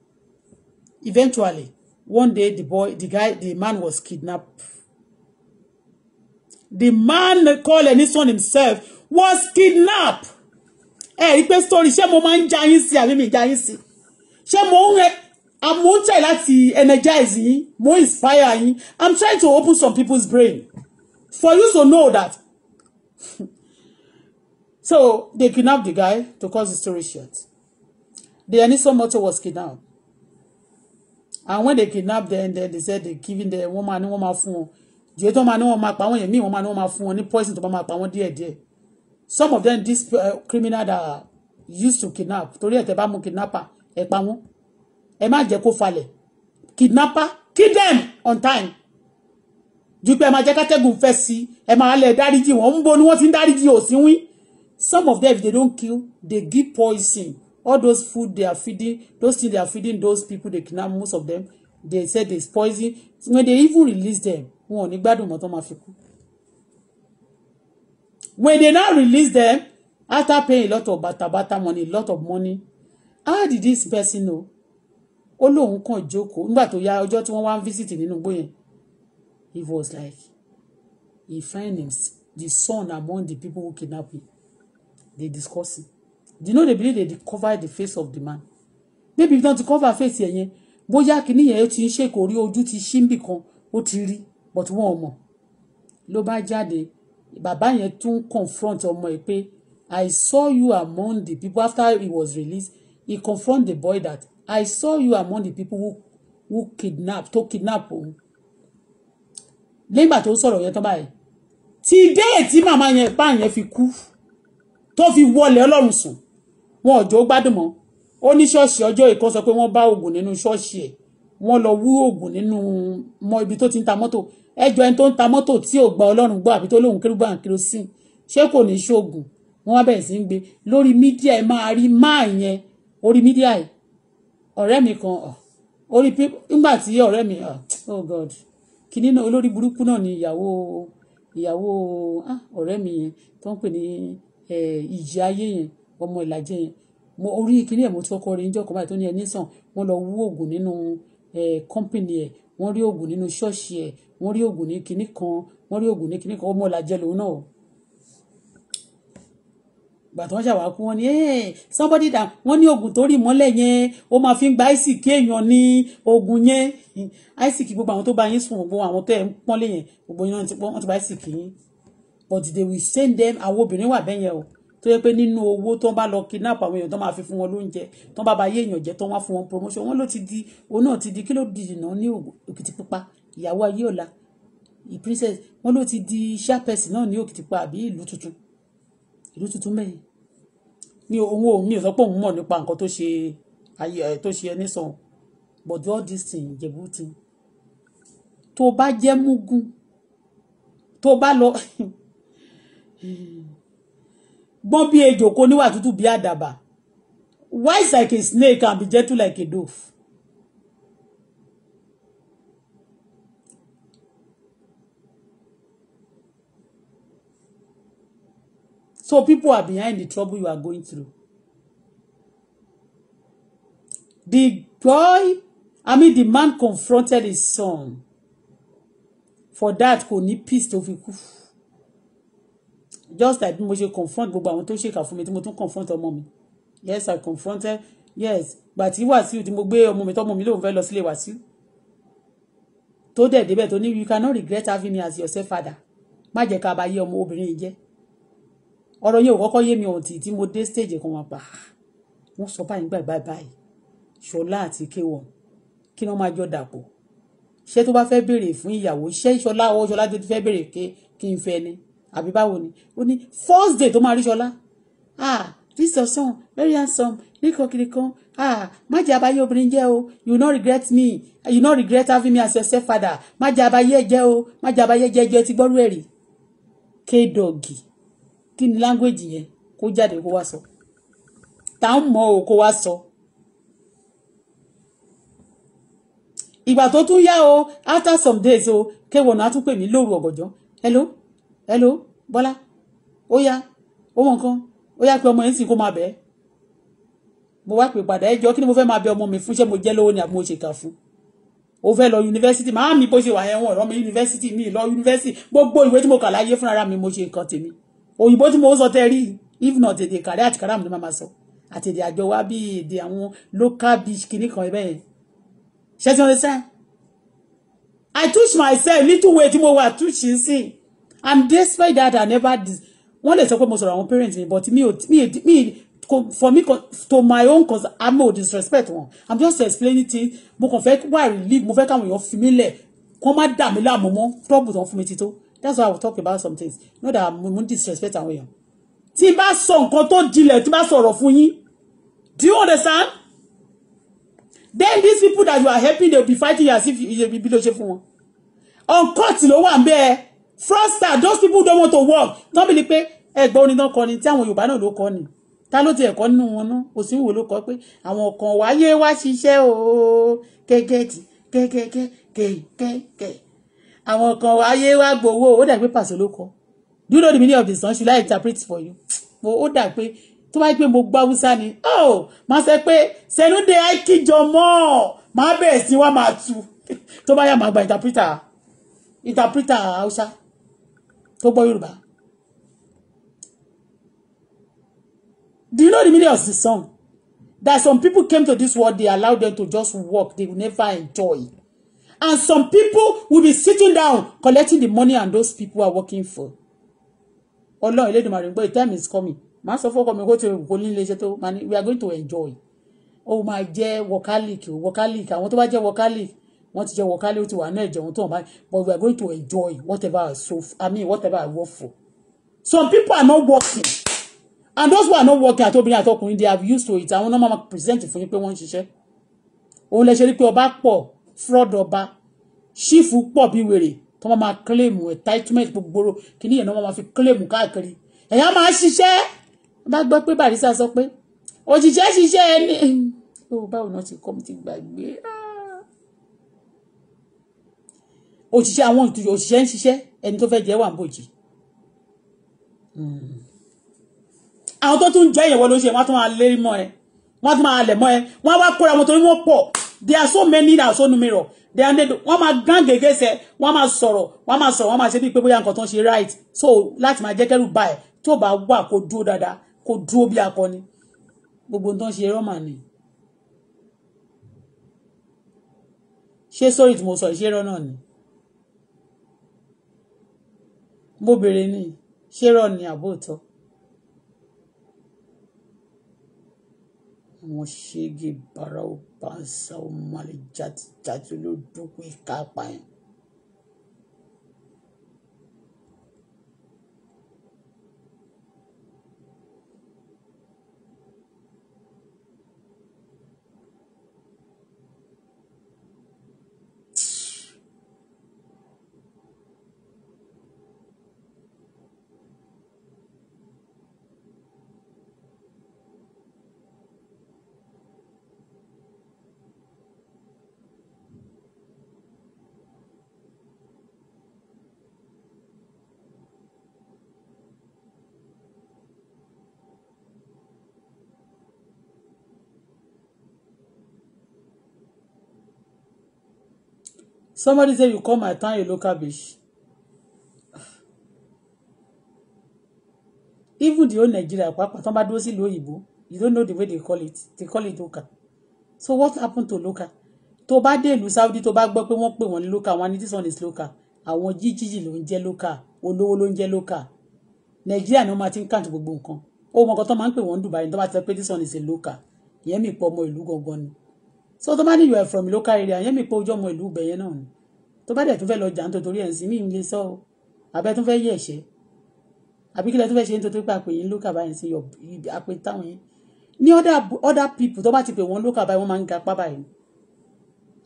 Eventually, one day the boy, the guy, the man was kidnapped. The man called son himself was kidnapped. Ẹ rí pé story ṣé mo máa ń já yín sí àbí mi já yín sí? Ṣé mo ń mo ń try láti energize yín, mo inspire yín. I'm trying to open some people's brain for you to know that So they kidnapped the guy to cause the story short. The Eniso motor was kidnapped. And when they kidnapped them, then they said they giving them wọ́n máa ní wọ́n máa fún wọn. Jẹ́ tó máa ní wọ́n máa pa wọ́n yẹn míì wọ́n máa ní wọ́n máa fún wọn ní poison tó máa pa wọ́n díẹ̀díẹ̀. Some of them this uh, criminal that used to kidnap torí ẹ̀ tẹ́ bá mú kidnapper ẹ̀ pa wọ́n. Ẹ má jẹ́ kó falẹ̀. Kidnapper kill them on time. Ju pé ẹ máa jẹ́ kátẹ́gùn fẹ́ sí ẹ máa lẹ̀ dáríjì wọ́n ń bo ni wọ́n ti ń dáríjì òsínwín some of them if they don't kill they give poison all those food they are feeding those things they are feeding those people they kidnap most of them they said it's poison when they even release them wọn ò ní gbádùn mọ́ máa fi kú when they now release them after paying a lot of bàtàbàtà money a lot of money how did this person know ó lóun kàn jókòó nígbà tó yá ọjọ́ tí wọ́n wá ń visit nínú igbó yẹn he was like he find him the son among the people who kidnap him they discuss it you know the believe they cover the face of the man maybe if not to cover face yẹn yẹn bóyá kìíní yẹn ó ti ń ṣèkò orí ojú ti ṣí níbì kan ó ti rí but wọn ò mọ̀ ló bá jáde bàbá yẹn tún confront ọmọ ẹ̀ pé I saw you among the people after he was released he confront the boy that I saw you among the people who who kidnap tó kidnap òun lẹ́yìn ìgbà tó sọ̀rọ̀ yẹn tán báyìí ti dé ètí màmá yẹn bá yẹn fi kú tó fi wọlé ọlọ́run sùn wọn ò jó gbádùn mọ́ ó ní ṣọ́ọ̀ṣì ọjọ́ èkó sọ pé wọ́n bá oògùn nínú ṣọ́ọ̀ṣì ẹ̀ wọ́n lọ wú oògùn nínú mọ ibi tó ti ń ta mọ́tò ẹjọ́ ẹni tó ń ta mọ́tò tí ò gba ọlọ́run gbọ́ àbí tó lóun kérúbà kérosín ṣé kò ní ṣoògùn wọ́n wá bẹ̀rẹ̀ sí ń gbé lórí mídíà ẹ̀ máa rí máà yẹn orí mídíà ẹ̀ ọ̀rẹ́ mi kan orí nígbà tí ọ̀rẹ́ mi oh god kìíní náà olórí burúkú náà ni ìyàwó ìyàwó ah, ọ̀rẹ́ mi yẹn tó ń pè ní Eh, ìyá ayé yẹn ọmọ ìlàjẹ yẹn mo orí kíní ẹ̀ mo ti kọ́kọ́ rí níjọ́ kan báyìí tó ní ẹni sàn wọ́n lọ wú oògùn nínú kọ́mpìnì eh, ẹ̀ wọ́n rí oògùn nínú ṣọ́ọ̀ṣì ẹ̀ wọ́n rí oògùn ní kíní kan wọ́n rí oògùn ní kíní kan ọmọ ìlàjẹ lòun náà gbàtọ́ ṣàwá kú wọn ni eh, somebody that wọ́n ní oògùn tó rí mọ́lẹ̀ yẹn ó máa fi ń gba isik èèyàn ní oògùn yẹn isik gbogbo àwọn tó bá yín sùn gbogbo àwọn tẹ́ ẹ̀ ń pọ́nlé yẹn gbogbo yín wọ́n ti gba isik yín but they will send them àwọn obìnrin wà bẹ́yẹn o tó yẹ pé nínú owó tó ń bá lọ kidnap àwọn èèyàn tó máa fi fún wọn lóúnjẹ tó ń bá ba ayé èèyàn jẹ tó wá fún wọn promotion wọn ló ti di òun náà ti di kí ló di ìdìnnà ní òkìtì pupa ìyàwó ayé ọ̀la princess wọn ló ti di chairperson náà ní òkìtì pupa àbí ìlú tuntun ìlú tuntun mẹ́yìn ní owó mi ò sọ pé òun mọ̀ nípa nǹkan tó ṣe ayé tó ṣe ẹni sàn but all this thing ìjẹ̀bú ti tó bá jẹ́ mugun tó bá lọ (laughs) gbọ́n bí ejò kò níwà tútù bí àdàbà is like a snake and be gentle like a dove. So people are behind the trouble you are going through. The boy, I mean the man confronted his son. For that, kò ní peace tó fi kú just like bí mo ṣe confront gbogbo àwọn tó ṣèkà fún mi tí mo tún confront ọmọ mi yes i confronted yes gbà tí wàsíù tí mo gbé ọmọ mi tọ́mọ mi lóun fẹ́ lọ sílé wàsíù tó dẹ̀ débẹ̀ tó ní you cannot regret having me as your safe father má jẹ́ ká ba yé ọmọ obìnrin yìí jẹ́ ọ̀rọ̀ yẹn ò kọ́kọ́ yé mi ọ̀tí tí mo dé stage kan wọn pa wọ́n sọ báyìí gbàgbà báyìí ṣọlá àti kéwọ̀n kí wọ́n máa jọ dàpọ̀ ṣé tó bá fẹ́ béèrè fún ìyàwó ṣé ṣọlá owó ṣọlá tó ti fẹ́ béèrè kí n fẹ́ ni àbí báwo ni ó ní first day tó máa rí ṣọlá ah this your son very handsome nìkankiri kan ah má jẹ́ abayé obìnrin jẹ́ o you no regret me you no regret having me as your stepfather. father má jẹ́ abayé o má jẹ́ abayé jẹ́ jẹ́ ti gbọ́rú ẹ̀ rí kédọ̀gì kí ni language yẹn kó jáde kó wá sọ tá ń mọ o kó wá sọ. ìgbà tó tún yá o after some days o kéwọ̀nà á tún pè mí lóru ọ̀gànjọ́ hello hello bọ́lá ó yá ó mọ nǹkan ó yá pé ọmọ yẹn sì kó máa bẹ́ẹ̀ mo wá pè padà ẹjọ́ kí ni mo fẹ́ máa bẹ ọmọ mi fún ṣé mo jẹ́ lówó ni àbí mo ṣe kà fún o fẹ́ lọ yunifásitì màá mi bó ṣe wà ẹ̀wọ̀n ọ̀rọ̀ mi yunifásitì mi lọ yunifásitì gbogbo ìwé tí mo kà láyé fúnra mi mo ṣe nǹkan tèmi òyìnbó tí mo sọ tẹ́ rí if not èdè kàrí àti kàràmù ni màmá sọ àti èdè àjọ wa bíi èdè àwọn local beach kìíní kan ẹ̀bẹ̀ yẹn tí wọ́n ti sẹ́ I touch myself little way tí mo wà touch sí and despite that i never wọ́n lè sọ pé mo sọ̀rọ̀ àwọn parents mi but mi ò mi mi for me to my own cause i'm no disrespect wọn i'm just explaining things mo kàn fẹ́ wà relief mo fẹ́ káwọn èèyàn fi mí lẹ̀ kó má dà mí láàmú mọ́ trouble tó ń fún mi ti that's why i will talk about some things not that mo disrespect àwọn èèyàn tí n bá sọ nǹkan tó jinlẹ̀ tí n bá sọ̀rọ̀ fún yín do you understand then these people that you are helping they will be fighting as if you be bí ló ṣe fún wọn on court ló wà ń bẹ́ẹ̀ fraudster those people don't want to work tán bí ni pé ẹgbẹ́ orin náà kọ ni tí àwọn Yorùbá náà ló kọ ni ta ló ti ẹ̀kọ́ nínú wọn náà òsínwó ló kọ pé àwọn ọkàn wáyé wá ṣiṣẹ́ o kẹ́kẹ́tì kẹ́kẹ́kẹ́ kẹ́kẹ́kẹ́ àwọn ọkàn wáyé wá gbowó ó dà pé pàṣẹ ló kọ do you know the meaning of the song should I interpret for you mo ó dà pé tó bá pé mo gbọ́ haúsá ni oh máa sọ pé sẹ́nudé àìkíjọ mọ́ máa bẹ̀rẹ̀ sí wá máa tu (laughs) tó bá yà máa gba interpreter interpreter haúsá tó gbọ́ Yorùbá. Do you know the meaning of the song? That some people came to this world, they allowed them to just work. They will never enjoy. And some people will be sitting down collecting the money and those people are working for. Ọlọ́run Elédùmarè gbọ́, the time is coming. Màá sọ fọ́kọ mi kó tí kò ní ilé tó we are going to enjoy. Oh máa jẹ́ workaholic o workaholic àwọn tó bá jẹ́ workaholic wọ́n ti jẹ́ wọ kálí ó ti wà ní ẹ̀jẹ̀ wọn tó wọn báyìí but we are going to enjoy whatever I so I mean whatever I work for some people are not working and those who are not working àtobìnrin àtọkùnrin they have used to it àwọn náà máa present fún yín pé wọ́n ń ṣiṣẹ́ òun lè ṣe rí pé ọba pọ̀ fraud ọba ṣífù pọ̀ bí wèrè tó máa máa claim entitlement gbogbo kìíní yẹn náà máa fi claim káàkiri èèyàn máa ṣiṣẹ́ bá gbọ́ pé Barrister sọ pé òṣìṣẹ́ ṣiṣẹ́ ẹni ó báwo náà ti kọ́ mi ti gbàgbé á. Ah! òṣìṣẹ́ àwọn ìtúyọ̀ òṣìṣẹ́ ń ṣiṣẹ́ ẹni tó fẹ́ jẹ́ wà ń bòjì àwọn tó tún jẹ́ ìyẹ̀wò ló ṣe wọ́n tún máa lérí mọ́ ẹ wọ́n tún máa lẹ̀ mọ́ ẹ wọ́n wá kóra wọn torí wọ́n pọ̀ there are so many that are so numerous they are dead wọ́n máa gán gègé sẹ wọ́n máa sọ̀rọ̀ wọ́n máa sọ̀rọ̀ wọ́n máa ṣe bíi pé bóyá nǹkan tó ń ṣe right so láti máa jẹ́ kẹ́rù bá ẹ tó bá wà kó dúró dáadáa kó dúró bí akọni gbogbo nǹkan ṣe rọ́mà ni. ṣé sórí tí mo sọ ìṣeré náà ni. mo ni ṣé rọ ni àbóòtọ́ wọn ṣégi bara ó bá ń sa ó má lè jáde jáde ló dúpọ̀ ìka apààyàn Somebody say you call my town a local beach. Even the old Nigeria, papa, tán bá dúró sí ìlú òyìnbó, you don't know the way they call it. They call it local. So what happened to local? Tó bá dé ìlú Saudi tó bá gbọ́ pé wọ́n pè wọ́n local, One, this one is local. I want ló ń jẹ́ local, olówó ló ń jẹ́ local. Nàìjíríà ni wọ́n máa ti ń kàǹtì gbogbo nǹkan. Ó mọ to tó máa ń pè wọ́n Dubai tó bá this one is a local. Ìyẹn mi pọ̀ ọmọ ìlú so tó bá ní you are from local area yẹn mi pé ojú ọmọ ìlú ibẹ̀ yẹn náà ni tó bá dẹ̀ tún fẹ́ lọ jà ń torí ẹ̀ ń sìn mí lè sọ o àbẹ́ tún fẹ́ yẹ̀ ẹ̀ṣẹ́ àbí kílẹ̀ tún fẹ́ ṣe ń torí pé àpè yín local báyìí sí àpè táwọn yẹn ní other people tó bá ti pè wọ́n local báyìí wọ́n máa ń ga apá báyìí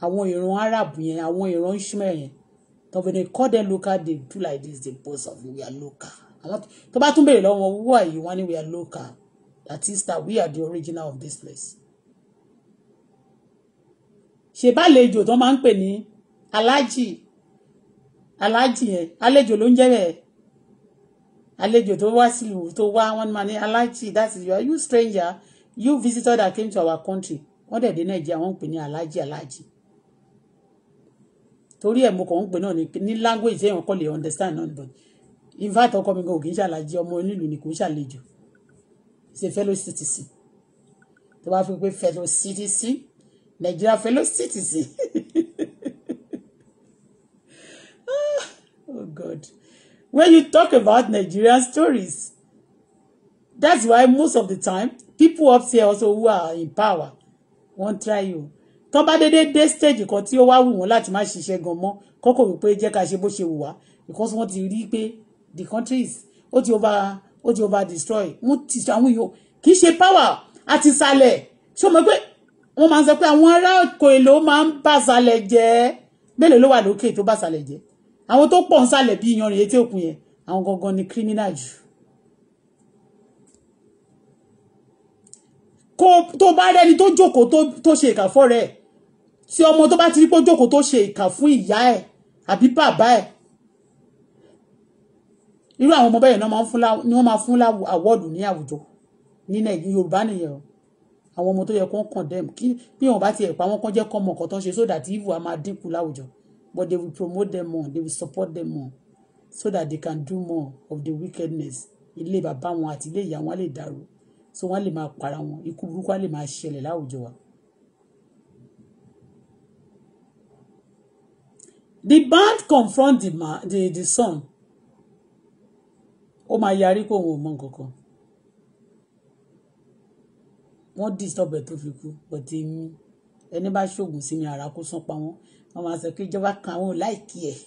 àwọn ìran Arab yẹn àwọn ìran Ishmael yẹn tó fi ní call them local they do like this they boast of we are local àwọn tó bá tún béèrè lọ́wọ́ wọ́n wà yìí wọ́n we are local that is that we are the original of this place ṣèbálejò tó máa ń pè ní alájì alájì yẹn àlejò ló ń jẹ́ bẹ́ẹ̀ àlejò tó wá sílùú tó wá wọ́n máa ní alájì that is you are you stranger you visitor that came to our country wọ́n dẹ̀ dé nàìjíríà wọ́n ń pè ní alájì alájì torí ẹ̀ mo kàn ń pè náà ní language tí èèyàn kò lè understand náà but in fact ọkọ mi gan kì í ṣàlàjì ọmọ onílù ni kò ń ṣàlejò ṣe fellow citizen tó bá fi pé fellow citizen. Nigeria fellow citizen. Ah, oh God. When you talk about Nigerian stories, that's why most of the time people up here also who are in power won't try you. tán bá dédé dé stage kan tí ó wá wù wọ́n láti má ṣiṣẹ́ gan mọ́ kọ́kọ́ wípé jẹ́ ká because wọ́n ti rí the countries ó ti over ó ti over destroy wọ́n ti àwọn èèyàn kì í power àti ìsàlẹ̀ ṣé o mọ̀ pé wọ́n máa ń sọ pé àwọn ará òkò èlò máa ń bàṣàlẹ̀ jẹ́ bẹ́ẹ̀ ló wà lókè tó bàṣàlẹ̀ jẹ́ àwọn tó pọ̀ ń sàlẹ̀ bí iyanrìn etí òkun yẹn àwọn gangan ni criminal jù. kó tó bá rẹ́ni tó jókòó tó ṣe ìkà fọ́ rẹ̀ tí ọmọ tó bá ti rí pé jókòó tó ṣe ìkà fún ìyá ẹ̀ àbí bàbá ẹ̀ irú àwọn ọmọ bẹ́ẹ̀ ni wọ́n máa ń fún láwùjọ ní Yorùbá nìyẹn o àwọn ọmọ tó yẹ kó ń condemn kí bí wọn bá tiẹ̀ pa wọn kọ́ jẹ́ kọ́ mọ̀ kọ́ tó ń ṣe so that evil a máa dínkù láwùjọ but they will promote them more they will support them more so that they can do more of the wickedness ilé bàbá wọn àti ilé ìyá wọn lè dàrú so wọn lè máa para wọn ikú burúkú á lè máa ṣẹlẹ̀ láwùjọ wa. the band confront the, the, the son ó máa yarí kó òun ò mọ nǹkan kan wọ́n disturb ẹ̀ tó fi kú but èmi ẹni bá ṣoògùn sí mi ara kó sán pa wọ́n wọ́n máa sọ pé ìjọba kan àwọn ò láìkí ẹ̀ (laughs)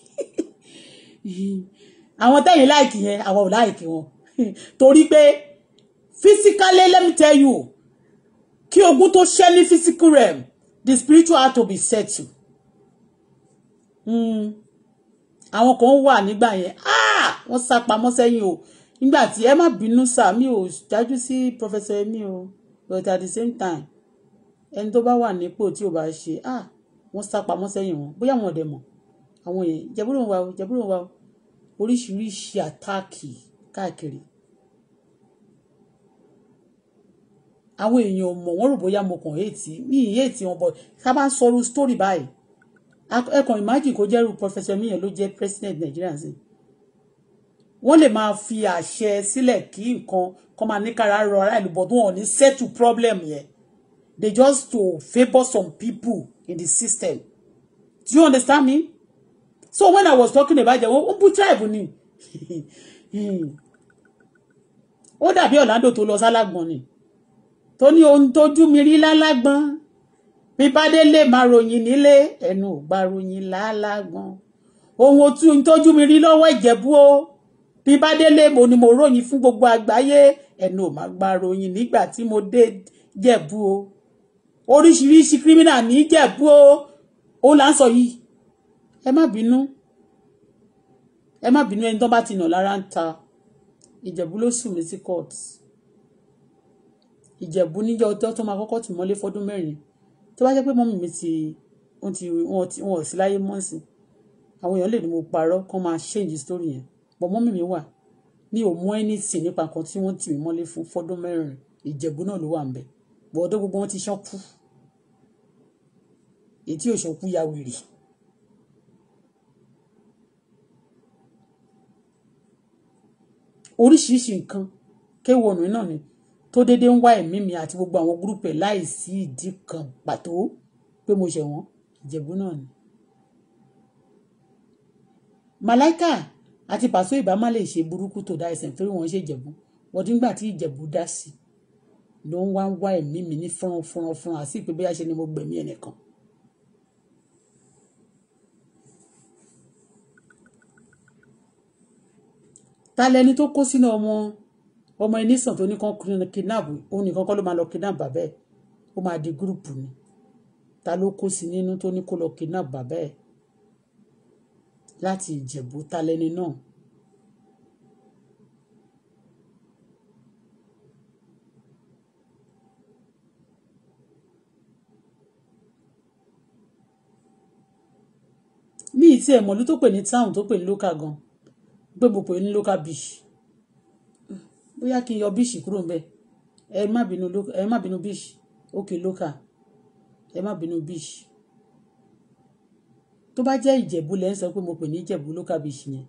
àwọn tẹ̀yìn láìkí yẹn àwọn ò láìkí wọn (laughs) torí pé physically let me tell you kí ogun tó ṣẹ́ ní physical realm the spiritual had to be set you. Hmm. àwọn kan wà nígbà yẹn ah! wọ́n sá pamọ́ sẹ́yìn o nígbà tí ẹ má bínú sá mi ò dájú sí professor mi o but at the same time ẹni tó bá wà nípò tí ò bá ṣe ah wọ́n sá pamọ́ sẹ́yìn wọn bóyá wọn ò dẹ̀ mọ̀ àwọn èèyàn jẹ́búrò wa o jẹ́búrò wa o oríṣiríṣi àtáàkì káàkiri àwọn èèyàn mọ̀ wọ́n rò bóyá mo kàn èètì mi ì èètì wọn bọ̀ ká bá ń sọrú story báyìí ẹ kàn imagine kó professor miyan ló jẹ́ president Nigeria sí wọ́n lè máa fi àṣẹ sílẹ̀ kí nǹkan Come and ní kára rọ ará ìlú but wọn ò ní settle problem here. they just to favor some people in the system do you understand me so when i was talking about jẹ wọn bú tribe ni ó dàbí Orlando tó lọ sálágbọn ni tó ní ohun tójú mi rí lálágbọn mi bá délé máa ròyìn nílé ẹnu ò gbà ròyìn lálágbọn ohun tójú mi rí lọ́wọ́ Ìjẹ̀bú o bí bá délé mo ni mo ròyìn fún gbogbo àgbáyé ẹnu ò máa gba ròyìn nígbà tí mo dé jẹ̀bú o oríṣiríṣi kírímínà ní jẹ̀bú o ó là ń sọ yìí ẹ má bínú ẹ má bínú ẹni tó bá ti nà lára ń ta ìjẹ̀bú ló sùn mí sí court ìjẹ̀bú níjọ́ ọjọ́ tó máa kọ́kọ́ tì mọ́lé fọ́dún mẹ́rin tó bá jẹ́ pé mọ́mì mi ti wọ́n ò sí láyé mọ́ọ̀sì àwọn èèyàn lè ní mo parọ́ kán máa change story yẹn but mọ́mì mi wà mi ò mú anything nípa kan tí wọ́n tì mí mọ́lé fún fọ́dún mẹ́rin ìjẹ̀bú náà ló wà ń bẹ̀ but ọdọ́ gbogbo wọn ti ṣán kú èyí tí òṣàn kú ya wèrè. oríṣiríṣi nǹkan kéwọnù náà ni tó déédéé ń wá ẹ̀mí mi àti gbogbo àwọn gúrúùpù ẹ̀ láì sí ìdí kan pàtó pé mo ṣẹ̀ ìjẹ̀bú náà ni. màláìkà àti pàṣọ ìbá má lè ṣe burúkú tó dá ẹsẹ̀ torí wọ́n ṣe ìjẹ̀bú wọ́n ti ń gbà tí ìjẹ̀bú dá sí ló ń wá ń wá ẹ̀mí mi ní fọ́nrán fọ́nrán fọ́nrán àti ìpè bóyá ṣe ni mo gbẹ̀mí ẹnìkan. ta lẹni tó kó sínú ọmọ ọmọ ẹnìsàn tó ní kidnap òun nìkan kọ́ ló máa lọ kidnap bàbá ẹ̀ ó máa di gúrùpù ni ta ló kó sí nínú tó ní kó lọ kidnap bàbá ẹ̀ láti Ìjẹ̀bú ta lẹ́ni náà. mi ì tiẹ̀ mọ̀lú tó pè ní town tó pè ní local gan pé mo pè ní local beach bóyá kí n yọ beach kúrò ń bẹ̀ ẹ má bínú beach okay local ẹ má bínú beach tó bá jẹ́ ìjẹ̀bú lẹ́ ń sọ pé mo pè ní ìjẹ̀bú local beach yẹn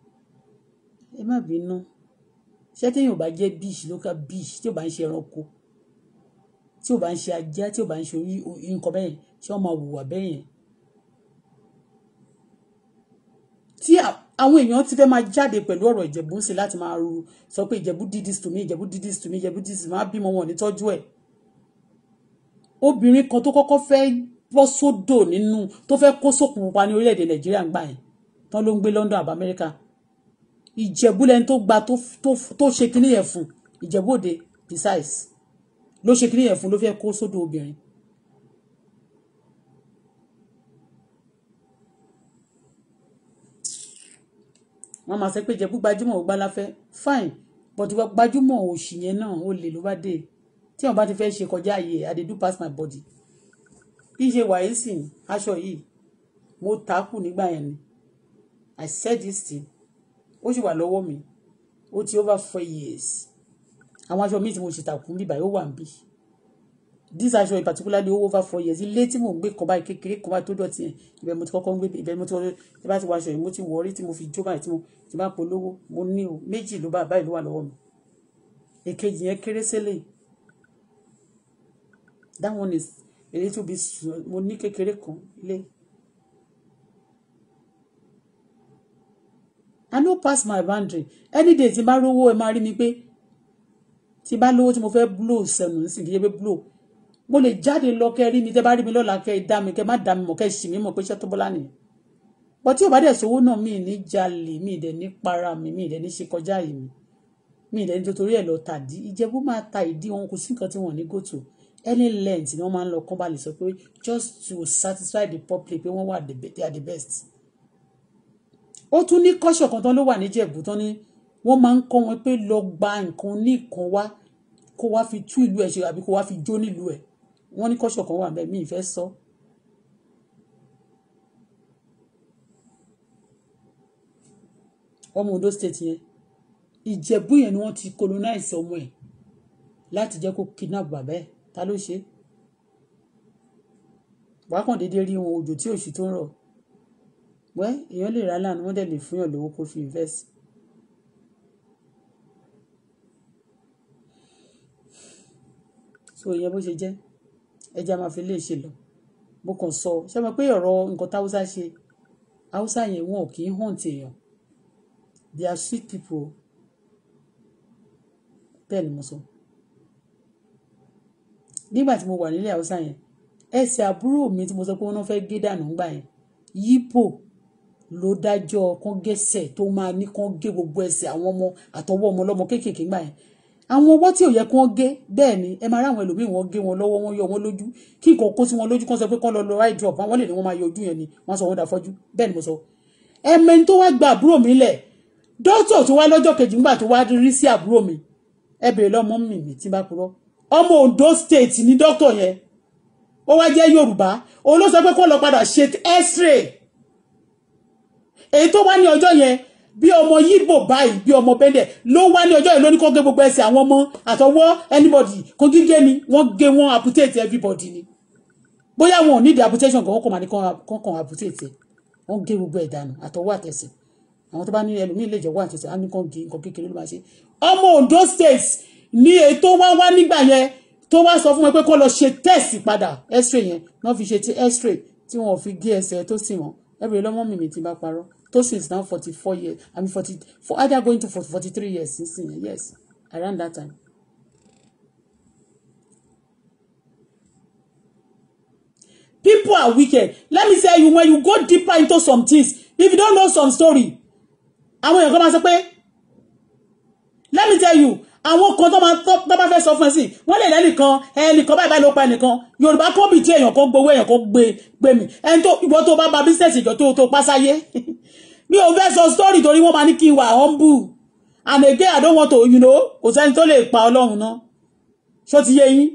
ẹ má bínú ṣé téèyàn ò bá jẹ́ beach local beach tí ò bá ń ṣe ẹranko tí ò bá ń ṣe ajá tí ò bá ń ṣe orí nǹkan bẹ́ẹ̀ tí wọ́n máa hùwà bẹ́ẹ̀ yẹn tí àwọn èèyàn ti fẹ́ máa jáde pẹ̀lú ọ̀rọ̀ ìjẹ̀bú ń láti máa ru sọ pé ìjẹ̀bú did this to me ìjẹ̀bú did this to me ìjẹ̀bú did this to me máa bímọ wọn ò ní tọ́jú ẹ̀ obìnrin kan tó kọ́kọ́ fẹ́ bọ́ sódò nínú tó fẹ́ kó sókun pupa ní orílẹ̀-èdè nàìjíríà ń gbà yẹn tán ló ń gbé London àbá Amẹ́ríkà ìjẹ̀bú lẹni tó gba tó ṣe kíní yẹn fún ìjẹ̀bú òde besides ló ṣe kíní yẹn fún ló fẹ́ kó sódò obìnrin wọ́n máa sọ pé ìjẹ̀bú gbajúmọ̀ ò gbáláfẹ́ fine but gbajúmọ̀ òṣì yẹn náà ó lè ló bá dé tí wọ́n bá ti fẹ́ ṣe kọjá ààyè i dey do pass my body bí ṣe wàyí sì aṣọ yìí mo tà kù nígbà yẹn ni I said this thing ó sì wà lọ́wọ́ mi ó ti over four years àwọn aṣọ mi tí mo ṣe tàkùn bíbá yóò wà ń bí this aṣọ in particular ni ó over four years ilé tí mò ń gbé kan báyìí kékeré kan báyìí tó dọ̀tí ẹ̀ ibẹ̀ mo ti kọ́kọ́ ń gbé ibẹ̀ mo ti kọ́kọ́ tí bá ti wọ aṣọ yìí mo ti wọrí tí mo fi jó báyìí tí mo ti bá polówó mo ní o méjì ló bá báyìí ló wà lọ́wọ́ mi èkejì yẹn kéré sílẹ̀ that one is a little bit mo ní kékeré kan lé. I no pass my boundary any day tí n bá rówó ẹ máa rí mi pé tí n bá lówó tí mo fẹ́ blow sẹ́nu ní sìnkì yẹ pé blow mo lè jáde lọ kẹ́ rí mi tẹ́ bá rí mi lọ́la kẹ́ dá mi kẹ́ má dá mi mọ̀ kẹ́ sì mí mọ̀ pé iṣẹ́ tó bọ́lá nìyẹn bọ́ tí ò bá dẹ̀ sówó náà mi ní jalè mi ìdẹ̀ ní para mi mi ìdẹ̀ ní ṣe kọjá yìí mi mi ìdẹ̀ ní torí ẹ̀ lọ tàdí ìjẹ̀bú máa ta ìdí wọn kò sí nǹkan tí wọ́n ní gòtò any length ni wọ́n máa ń lọ kán bá lè sọ pé just to satisfy the public pé wọ́n wà they are the best. ó tún ní kọ́ṣọ̀ kan tán ló wà níjẹ̀bú tán ni wọ́n máa ń kọ́ wọn pé lọ gba nǹkan ní nǹkan wá kó wá fi tú ìlú ẹ̀ ṣe àbí kó wá fi jó nílùú ẹ̀ wọ́n ní kọ́ṣọ̀ kan wà bẹ́ẹ̀ mi ì fẹ́ sọ. ọmọ Ondo state yẹn Ìjẹ̀bú yẹn ni wọ́n ti colonize ọmọ ẹ̀ láti jẹ́ kó kidnap bàbá ẹ̀ ta ló ṣe wàá kàn déédéé rí wọn òjò tí òṣì tó ń rọ̀ wẹ́ èèyàn lè ra láàánú wọ́n dẹ̀ lè fún yàn lówó kó fi invest. so ìyẹn bó ṣe jẹ́ ẹja máa fi lè ṣe lọ mo kàn sọ ṣe mọ̀ pé ọ̀rọ̀ nǹkan táwùsá ṣe haúsá yẹn wọn ò kì í hàn tèèyàn they are sweet people bẹ́ẹ̀ mo sọ. So nígbà tí mo wà nílẹ̀ haúsá yẹn ẹsẹ̀ àbúrò mi tí mo sọ pé wọ́n fẹ́ gé dànù gbà yẹn yípo ló dájọ́ kọ́ngẹ́sẹ̀ tó máa ní kán gé gbogbo ẹsẹ̀ àwọn ọmọ àtọwọ́ ọmọ ọlọ́mọ kéékèèké gbà yẹn àwọn ọwọ́ tí ò yẹ kán gé bẹ́ẹ̀ ni ẹ máa ráwọn ẹlòmíì wọn gé wọn lọ́wọ́ wọn yọ wọn lójú kí nǹkan kó sí wọn lójú kán sọ pé kán lọ lọ eye drop wọn lè ní wọn máa yọjú yẹn ni wọn sọ wọn dàfọ́jú bẹ́ẹ̀ ni mo sọ ẹmẹni tó wá gba àbúrò mi lẹ̀ dókítà tó wá lọ́jọ́ kejì nígbà tó wá rí sí àbúrò mi ẹ bèrè lọ́mọ mi mi tí bá purọ́ ọmọ Ondo state ní dókítà yẹn ó wá jẹ́ Yorùbá òun ló sọ pé kó lọ padà ṣe x-ray èyí tó wá ní ọjọ́ yẹn bí ọmọ yíbò báyìí bí ọmọ bẹ́ndẹ̀ ló wá ní ọjọ́ yẹn ló ní kó gé gbogbo ẹsẹ̀ àwọn ọmọ àtọwọ́ anybody kó gígé ni wọ́n gé wọn amputate everybody ni bóyá wọn ò ní di amputation kan wọ́n kàn máa ní kankan amputate wọ́n gé gbogbo ẹ̀ dànù àtọwọ́ àtẹsẹ̀ àwọn tó bá ní ẹlòmíì lè jẹ́ wọ́n àtẹsẹ̀ á ní kàn gé nǹkan kékeré ló máa ṣe ọmọ Ondo state ní èyí tó wá wá nígbà yẹn tó wá sọ fún mi pé kó lọ ṣe tẹ́ẹ̀sì padà x-ray yẹn wọ́n fi ṣe ti x-ray tí wọ́n fi gé ẹsẹ̀ tó sì wọ́n ẹ̀bùrẹ̀ lọ́mọ mi mi ti bá parọ́ tó sì is now forty four years i mean forty four either going to forty three years sísìn yẹn yes around that time. people are wicked let me tell you when you go deeper into some things if you don't know some story àwọn èèyàn kan máa sọ pé let me tell you àwọn kan tó máa tó bá fẹ́ sọ fún ẹ sí wọ́n lè lẹ́nìkan ẹnìkan báyìí báyìí ló pa ẹnìkan yorùbá kó bìtì èèyàn kó gbowó èèyàn kó gbé gbé mi ẹni tó ìwọ tó bá ba bísẹ̀sì ìjọ tó tó pásáyé (laughs) mi ò fẹ́ sọ sítórì torí wọ́n máa ní kí n wà humble and again I don't want to you know kò sẹ́ni tó lè pa ọlọ́run náà ṣó ti yé yín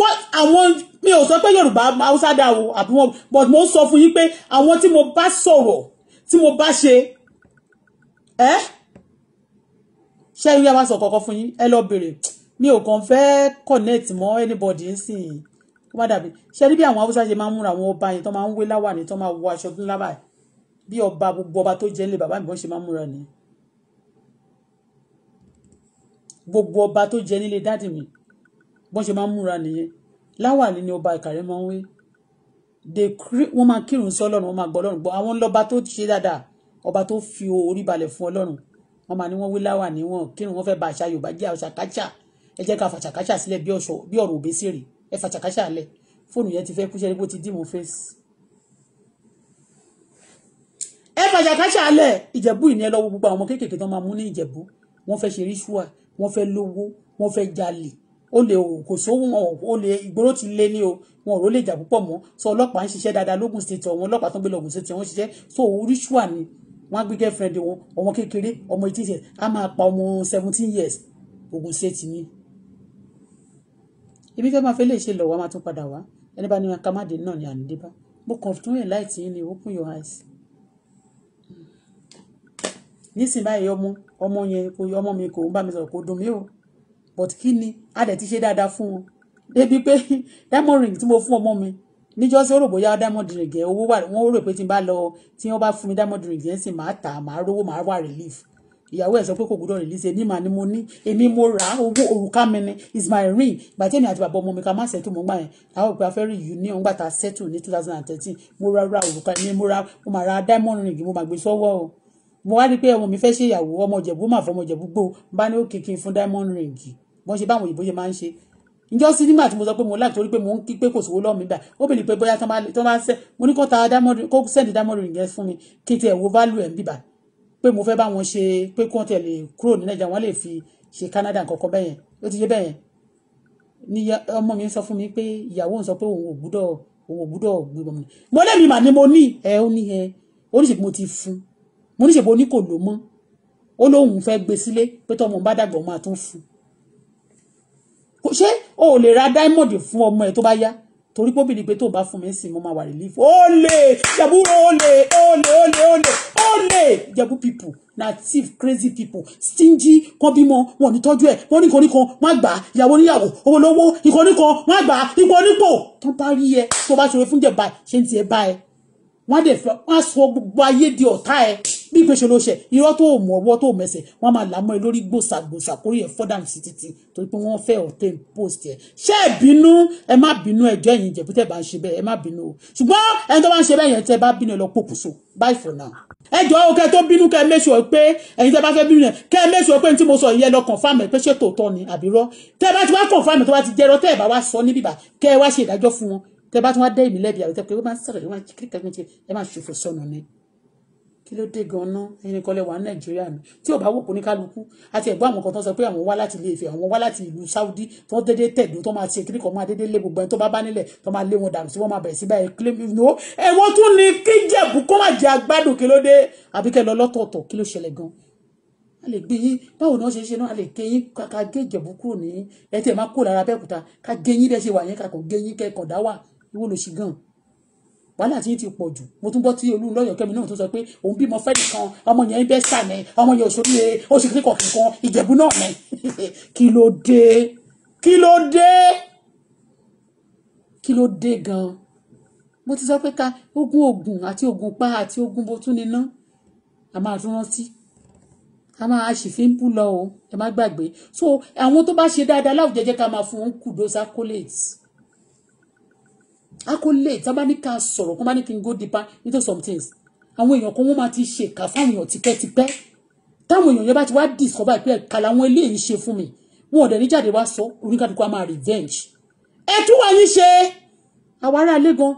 what àwọn mi ò sọ pé yorùbá haúsá dà o àbí wọn but mo sọ fún yín pé àwọn tí mo bá sọ̀rọ̀ tí mo bá ṣe ẹ́ eh? ṣé ìwé àwọn aṣọ kọ̀ọ̀kan fún yín ẹ lọ bèrè mi ò kàn fẹ́ connect mọ́ anybody nsìn kó má dàbí ṣe rí bí àwọn haúsá ṣe máa ń múra àwọn ọba yẹn tó máa ń wé láwàní tó máa wọ aṣọ ńlá báyìí bí ọba gbogbo ọba tó jẹ́ nílé bàbá mi bọ́n ṣe máa ń múra ni gbogbo ọba tó jẹ́ nílé dáàdì mi bọ́n ṣe máa ń múra nìyẹn láwàní ni ọba ìkàrẹ́ máa ń wé wọ́n máa kírun sí ọlọ́run wọ́n máa gbọ́ ọlọ́run gbọ́ àwọn lọ́ba tó ṣe dáadáa ọba tó fi orí balẹ̀ fún ọlọ́run wọ́n máa ní wọ́n wí láwà ní wọn kírun wọ́n fẹ́ ba àṣà yorùbá jẹ́ àṣàkáṣà ẹ jẹ́ ká fàṣàkáṣà sílẹ̀ bí ọ̀rọ̀ òbí sèrè ẹ fàṣàkáṣà lẹ̀ fóònù yẹn ti fẹ́ kú sẹ́ni bó ti dìmú fèsì. ẹ fàṣàkáṣà lẹ̀ ìjẹ̀bú ìní ẹ lọ́wọ́ gbogbo àwọn ọmọ kéékèèké tó máa mú ní ìjẹ̀bú wọ́n fẹ́ ṣe ríṣùà wọ́n fẹ́ lówó wọ́n fẹ́ jalè ó lè kò sóhun ó lè ìgboro ti lé ní o wọn ò ró lè jà púpọ̀ mọ́ so ọlọ́pàá ń ṣiṣẹ́ dáadáa lógun state ọ̀wọ́n ọlọ́pàá tó ń gbé lọ́gùn state wọ́n ṣiṣẹ́ so ríṣùà ni wọ́n á gbé girlfriend wọn ọmọ kékeré ọmọ eighteen years á máa pa ọmọ seventeen years Ogun State ni. ibi fẹ́ máa fẹ́ lè ṣe lọ wá máa tún padà wá ẹni bá ní wọn ká má dé náà ni àní dé bá mo kàn tún yẹn láì tì open your eyes. nísìnyí báyìí ọmọ ọmọ yẹn kò ọmọ mi kò ń bá mi sọ̀rọ̀ kò dùn mí o but kí ni a dẹ̀ ti ṣe dáadáa fún wọn débi pé (laughs) diamond ring tí mo fún ọmọ mi níjọ́ sí ó rò bóyá diamond ring yẹn owó wà wọ́n rò pé tí n bá lọ tí wọ́n bá fún mi diamond ring yẹn sì máa tà máa rówó máa wà relief ìyàwó ẹ̀ sọ pé kò gbọ́dọ̀ release èmi mà ni mo ní èmi mo rà á owó òrùka mi ni is my ring gbàtí èmi àti bàbá ọmọ mi ká má settle mọ́ gbà yẹn àwọn òpè afẹ́rí union gbà tá settle ní two thousand and thirteen mo ra ra òrùka mi mo ra mo mà ra diamond ring mo mà gbé sọ́wọ́ o mo wá rí i pé ọmọ mi fẹ́ ṣe ìyàwó ọmọ ìjẹ̀bú mà fọmọ ìjẹ̀bú gbó bá ní ó kìkì fún diamond ring bọ́n ṣe báwọn òyìnbó ṣe máa ń ṣe njọ́ sí nígbà tí mo sọ pé mo láì torí pé mo ń kí pé kò sówó lọ́ọ̀mí bá ó bèèrè pé bóyá tán bá ń sẹ́ mo ní kó ta dámọ́rì kó sẹ́ndì dámọ́rì yẹn fún mi kí tiẹ̀ wo value ẹ̀ ń bíbà pé mo fẹ́ bá wọn ṣe pé kí wọ́n tẹ̀lé kúrò ní nàìjíríà wọ́n lè fi ṣe Canada kankan bẹ́yẹn ó ti yé bẹ́yẹn ni ọmọ mi sọ fún mi pé ìyàwó ń sọ pé òun ò gbúdọ̀ òun ò gbúdọ̀ gbúdọ̀ mi mo lé mi mà ni mo ní ẹ ó ní ẹ oníṣègùn mo ti fún mo gbé o ò lè ra diamond fún ọmọ ẹ tó bá yá torí pé obìnrin pé tó bá fún mi sí mo máa wà relief olè jẹ̀bú olè olè olè olè olè jẹ̀bú people na thief crazy people stingy kan bímọ wọn ni tọ́jú ẹ̀ wọ́n ní koríkan wọ́n àgbà ìyàwó níyàwó owó lówó ìkoríkan wọ́n àgbà ipò onípò tó bá rí ẹ tó bá ṣòro fún jẹ̀bá ṣé ń tiẹ̀ bá ẹ wọ́n á dẹ̀ fẹ́ wọ́n á sọ gbogbo ayé di ọ̀tá ẹ bí pé ṣe ló ṣe irọ́ tó mú ọwọ́ tó mẹsẹ̀ wọ́n máa làmọ́ ẹ lórí gbòsàgbòsà kórè ẹ̀ fọ́dà sí títí torí pé wọ́n fẹ́ ọ̀tẹ̀ post ẹ̀ ṣé ẹ bínú ẹ má bínú ẹjọ́ ẹ̀yìn jẹ̀bú tẹ̀ bá ń ṣe bẹ́ẹ̀ ẹ má bínú o ṣùgbọ́n ẹni tó bá ń ṣe bẹ́ẹ̀ yẹn tẹ́ bá bínú ẹ lọ pokùnso bye for now. ẹ jọ o kẹ tó bínú kẹ make sure pé ẹ̀yin tẹ́ bá fẹ́ bínú ẹ kẹ make sure pé ní tí mo sọ yẹn lọ confirm ẹ pé ṣé tòótọ́ ni àbírọ́ tẹ́ bá ti wá confirm tó bá ti jẹrọ tẹ́ ẹ bá wá sọ ní bíbà kẹ wá ṣe ìdájọ́ fún wọn tẹ́ bá ti wá dẹ́ ìmìlẹ́bí àwọn tẹ́ pé wọ́n máa ń sọ̀rọ̀ ẹ máa ṣòfò sọnù ni kí ló dé gan-an ẹni kọ́lẹ̀ wà ní nàìjíríà ni tí ò bá wò kó ní kálukú àti ẹ̀gbọ́n àwọn kan tó sọ pé àwọn wá láti ilé Ifẹ̀ àwọn wá láti ìlú Saudi tó déédéé tẹ̀dó tó máa ṣe kí nìkan máa déédéé lé gbogbo ẹni tó bá bá nílẹ̀ tó máa lé wọn dànù sí wọn máa bẹ̀rẹ̀ sí báyìí claim no ẹ̀wọ́n tún ni kí jẹ̀bù kó má jẹ agbádùn kí ló dé àbí kẹ́ lọ lọ́tọ̀ọ̀tọ̀ kí ló ṣẹlẹ̀ gan a lè gbé yín báwo náà ṣe ṣe náà a lè gé ká gé ìjẹ̀bù kúrò ní ẹ tẹ̀ máa kó lára Abẹ́òkúta ká gé yín dẹ́ ṣe wà yẹn ká kàn gé yín kẹ́kọ̀ọ́ dá wà ìwọ lòṣì gan-an wàhálà tí yín ti pọ̀ jù mo tún gbọ́ tí olú lọ́yọ̀ kẹ́mi náà tún sọ pé òun bímọ fẹ́ nìkan ọmọ yẹn bẹ́ sà ní ọmọ yẹn òṣèlú rẹ e, ó sì kíkọ̀ kankan ìjẹ̀bú náà ní (laughs) kí ló dé kí ló dé kí ló dé gan mo ti sọ pé ká ogun ogun àti ogun pa àti ogun bó tún níná a máa tún rántí a máa sì fi ń bú lọ o ẹ má gbàgbé so àwọn tó bá ṣe dáadáa láwùjọ jẹ́ ká máa fún un kùdó sákólẹ̀tì accolade tá a bá ní ká sọ̀rọ̀ kó má ní kí n go deeper into some things àwọn èèyàn kan wọ́n máa ti ṣèkà fáwọn èèyàn tipẹ́tipẹ́ táwọn èèyàn yẹn bá ti wá discover pé ẹ̀ka làwọn eléyìí ṣe fún mi wọn ò dẹ̀ ní jáde wá sọ oníkàdúkọ a máa revenge ẹ tún wá yín ṣe àwọn aráalé gan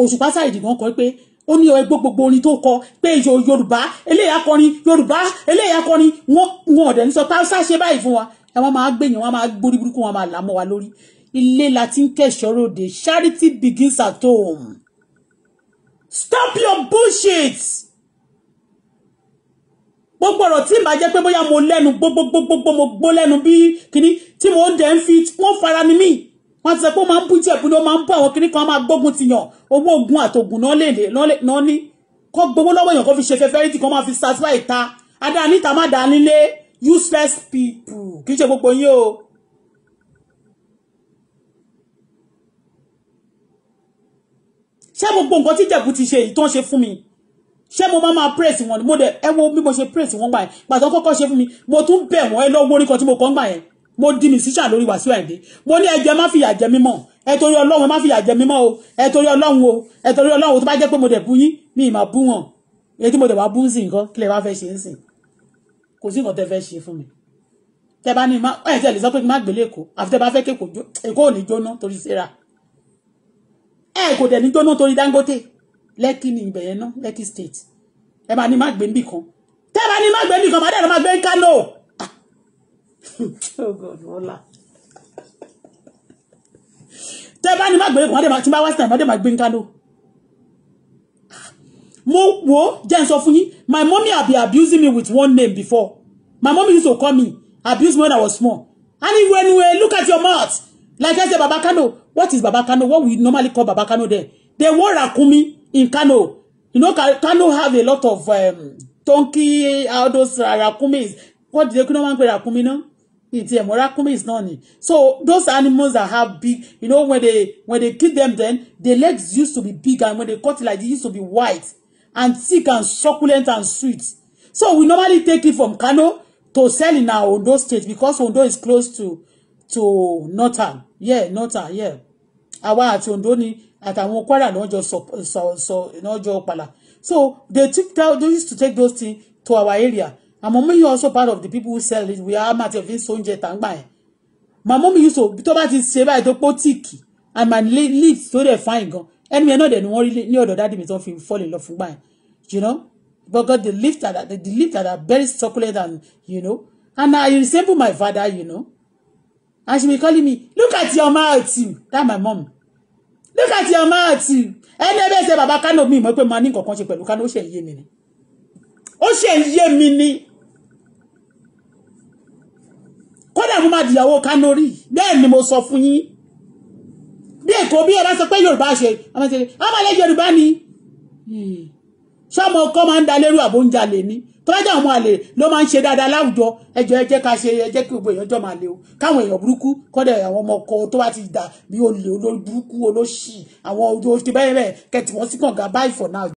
òṣùpá sáyidì gan kọ pé ó ní ẹgbẹ́ gbogbo orin tó kọ pé yorùbá eléyà kọrin yorùbá eléyà kọrin wọn wọn ò dẹ̀ ní sọ táwọn sáṣe báyìí fún wa ẹ wọn máa gbẹ̀yìn wọn máa gbórí burúkú wọn máa là mọ́ wa lórí ilé la ti ń kẹ̀ṣọ́ ròde charity begins at home stop your bullshit gbogbo ọ̀rọ̀ tí màá jẹ́ pé bóyá mo lẹ́nu gbogbogbogbo mo gbó lẹ́nu bí kínní tí mo ń dẹ̀ ń fi wọ́n fara mi mí wọ́n ti sọ pé ó máa ń bú jẹ̀bú ni ó máa ń bú àwọn kínní kan máa gbógun ti yàn owó oògùn àtògùn náà lè lè náà ní kó gbowó lọ́wọ́ èèyàn kó fi ṣe fẹ́fẹ́rìtì kan máa fi satisfy ìta adá níta má dá nílé useless people kì í ṣe gbogbo yín o. ṣé gbogbo nǹkan tí Ìjẹ̀bú ti ṣe èyí tó ń ṣe fún mi ṣé mo máa máa praise wọn ni mo dẹ̀ ẹ wo bí mo ṣe praise wọn gbà yẹn pàtó kọ́kọ́ ṣe fún mi mo tún bẹ̀ wọ́n ẹ lọ wórí kan tí mo kàn gbà yẹn mo dì mí síṣà lórí Wàsíù Àyìndé mo ní ẹjẹ má fìyà jẹ mímọ́ ẹ torí Ọlọ́run ẹ má fìyà jẹ mímọ́ o ẹ torí Ọlọ́run o ẹ torí Ọlọ́run o tó bá jẹ́ pé mo dẹ̀ bú yín mi ì máa bú wọn èyí tí mo dẹ̀ wá bú sí nǹkan kílẹ̀ wá fẹ́ ṣe ń sìn kò sí nǹkan tẹ́ fẹ́ ṣe fún mi tẹ́ bá ní ẹ tẹ́ lè sọ pé má gbélé èkó àfi tẹ́ bá fẹ́ kékòó èkó ò ní jóná torí Sarah ẹ kò dẹ̀ ní jóná torí Dangote Lẹ́kì ni ibẹ̀ yẹn náà Lẹ́kì state ẹ máa ní má gbé níbì kan tẹ́ bá ní má gbé níbì kan máa dẹ̀ máa gbé Kánò. (laughs) Oh tẹ́ bá ní má gbé níbì kan máa dẹ̀ máa wá sí àmọ́dé máa gbé Kánò. mo wo jẹ́ sọ fún yín my mommy had been abusing me with one name before my mommy used to call me abuse me when I was small and if when we look at your mouth like I say Baba Kano What is Baba Kano? What we normally call Baba Kano there? They were Rakumi in Kano. You know, Kano have a lot of um, donkey, all those uh, Rakumis. What do they know? Rakumi, no? It's a Rakumi is not. So those animals that have big, you know, when they when they kill them, then the legs used to be big, and when they cut it like this, used to be white and thick and succulent and sweet. So we normally take it from Kano to sell in our Ondo state because Ondo is close to to northern yeah northern yeah àwa àti Ondo ni àtàwọn Kwara náà jọ sọ sọ sọ náà jọ pàlà so they took that they used to take those things to our area and mama yi also part of the people who sell it we are amati of this oúnjẹ tá n gbà yẹn my mom used to tó bá ti ṣe báyìí tó pọ́ tíìkì and my lips tó dẹ̀ fine gan ẹni mi náà dẹ̀ ni wọ́n rí ní ọ̀dọ̀ dáàdì mi tó fi fall in love fún gbà you know but God the lips that are the lips that are very succulent and you know and I resemble my father you know and she be calling me look at your mouth that my mom look at your mouth ẹni ẹbẹ ṣe bàbá kánò mi mọ̀ pé mo ní nǹkan kan ṣe pẹ̀lú kánò ó ṣe ń yé mi ni ó ṣe ń yé mi ni kódà mo máa dìyàwó kánò rí bẹ́ẹ̀ ni mo sọ fún yín bí èkó bí ẹ bá sọ pé yorùbá ṣe ọmọ hmm. ṣe tọ́jà àwọn àlè ló máa ń ṣe dáadáa láwùjọ ẹjọ́ ẹ ká ṣe ẹ kí gbogbo èèyàn jọ máa lè o káwọn èèyàn burúkú kọ́dẹ̀ àwọn ọmọ ọkọ tó bá ti dà bí olè olóburúkú olóṣì àwọn ojú ti bẹ́ẹ̀ bẹ́ẹ̀ kẹ́tì wọ́n sí kànga báyìí for now.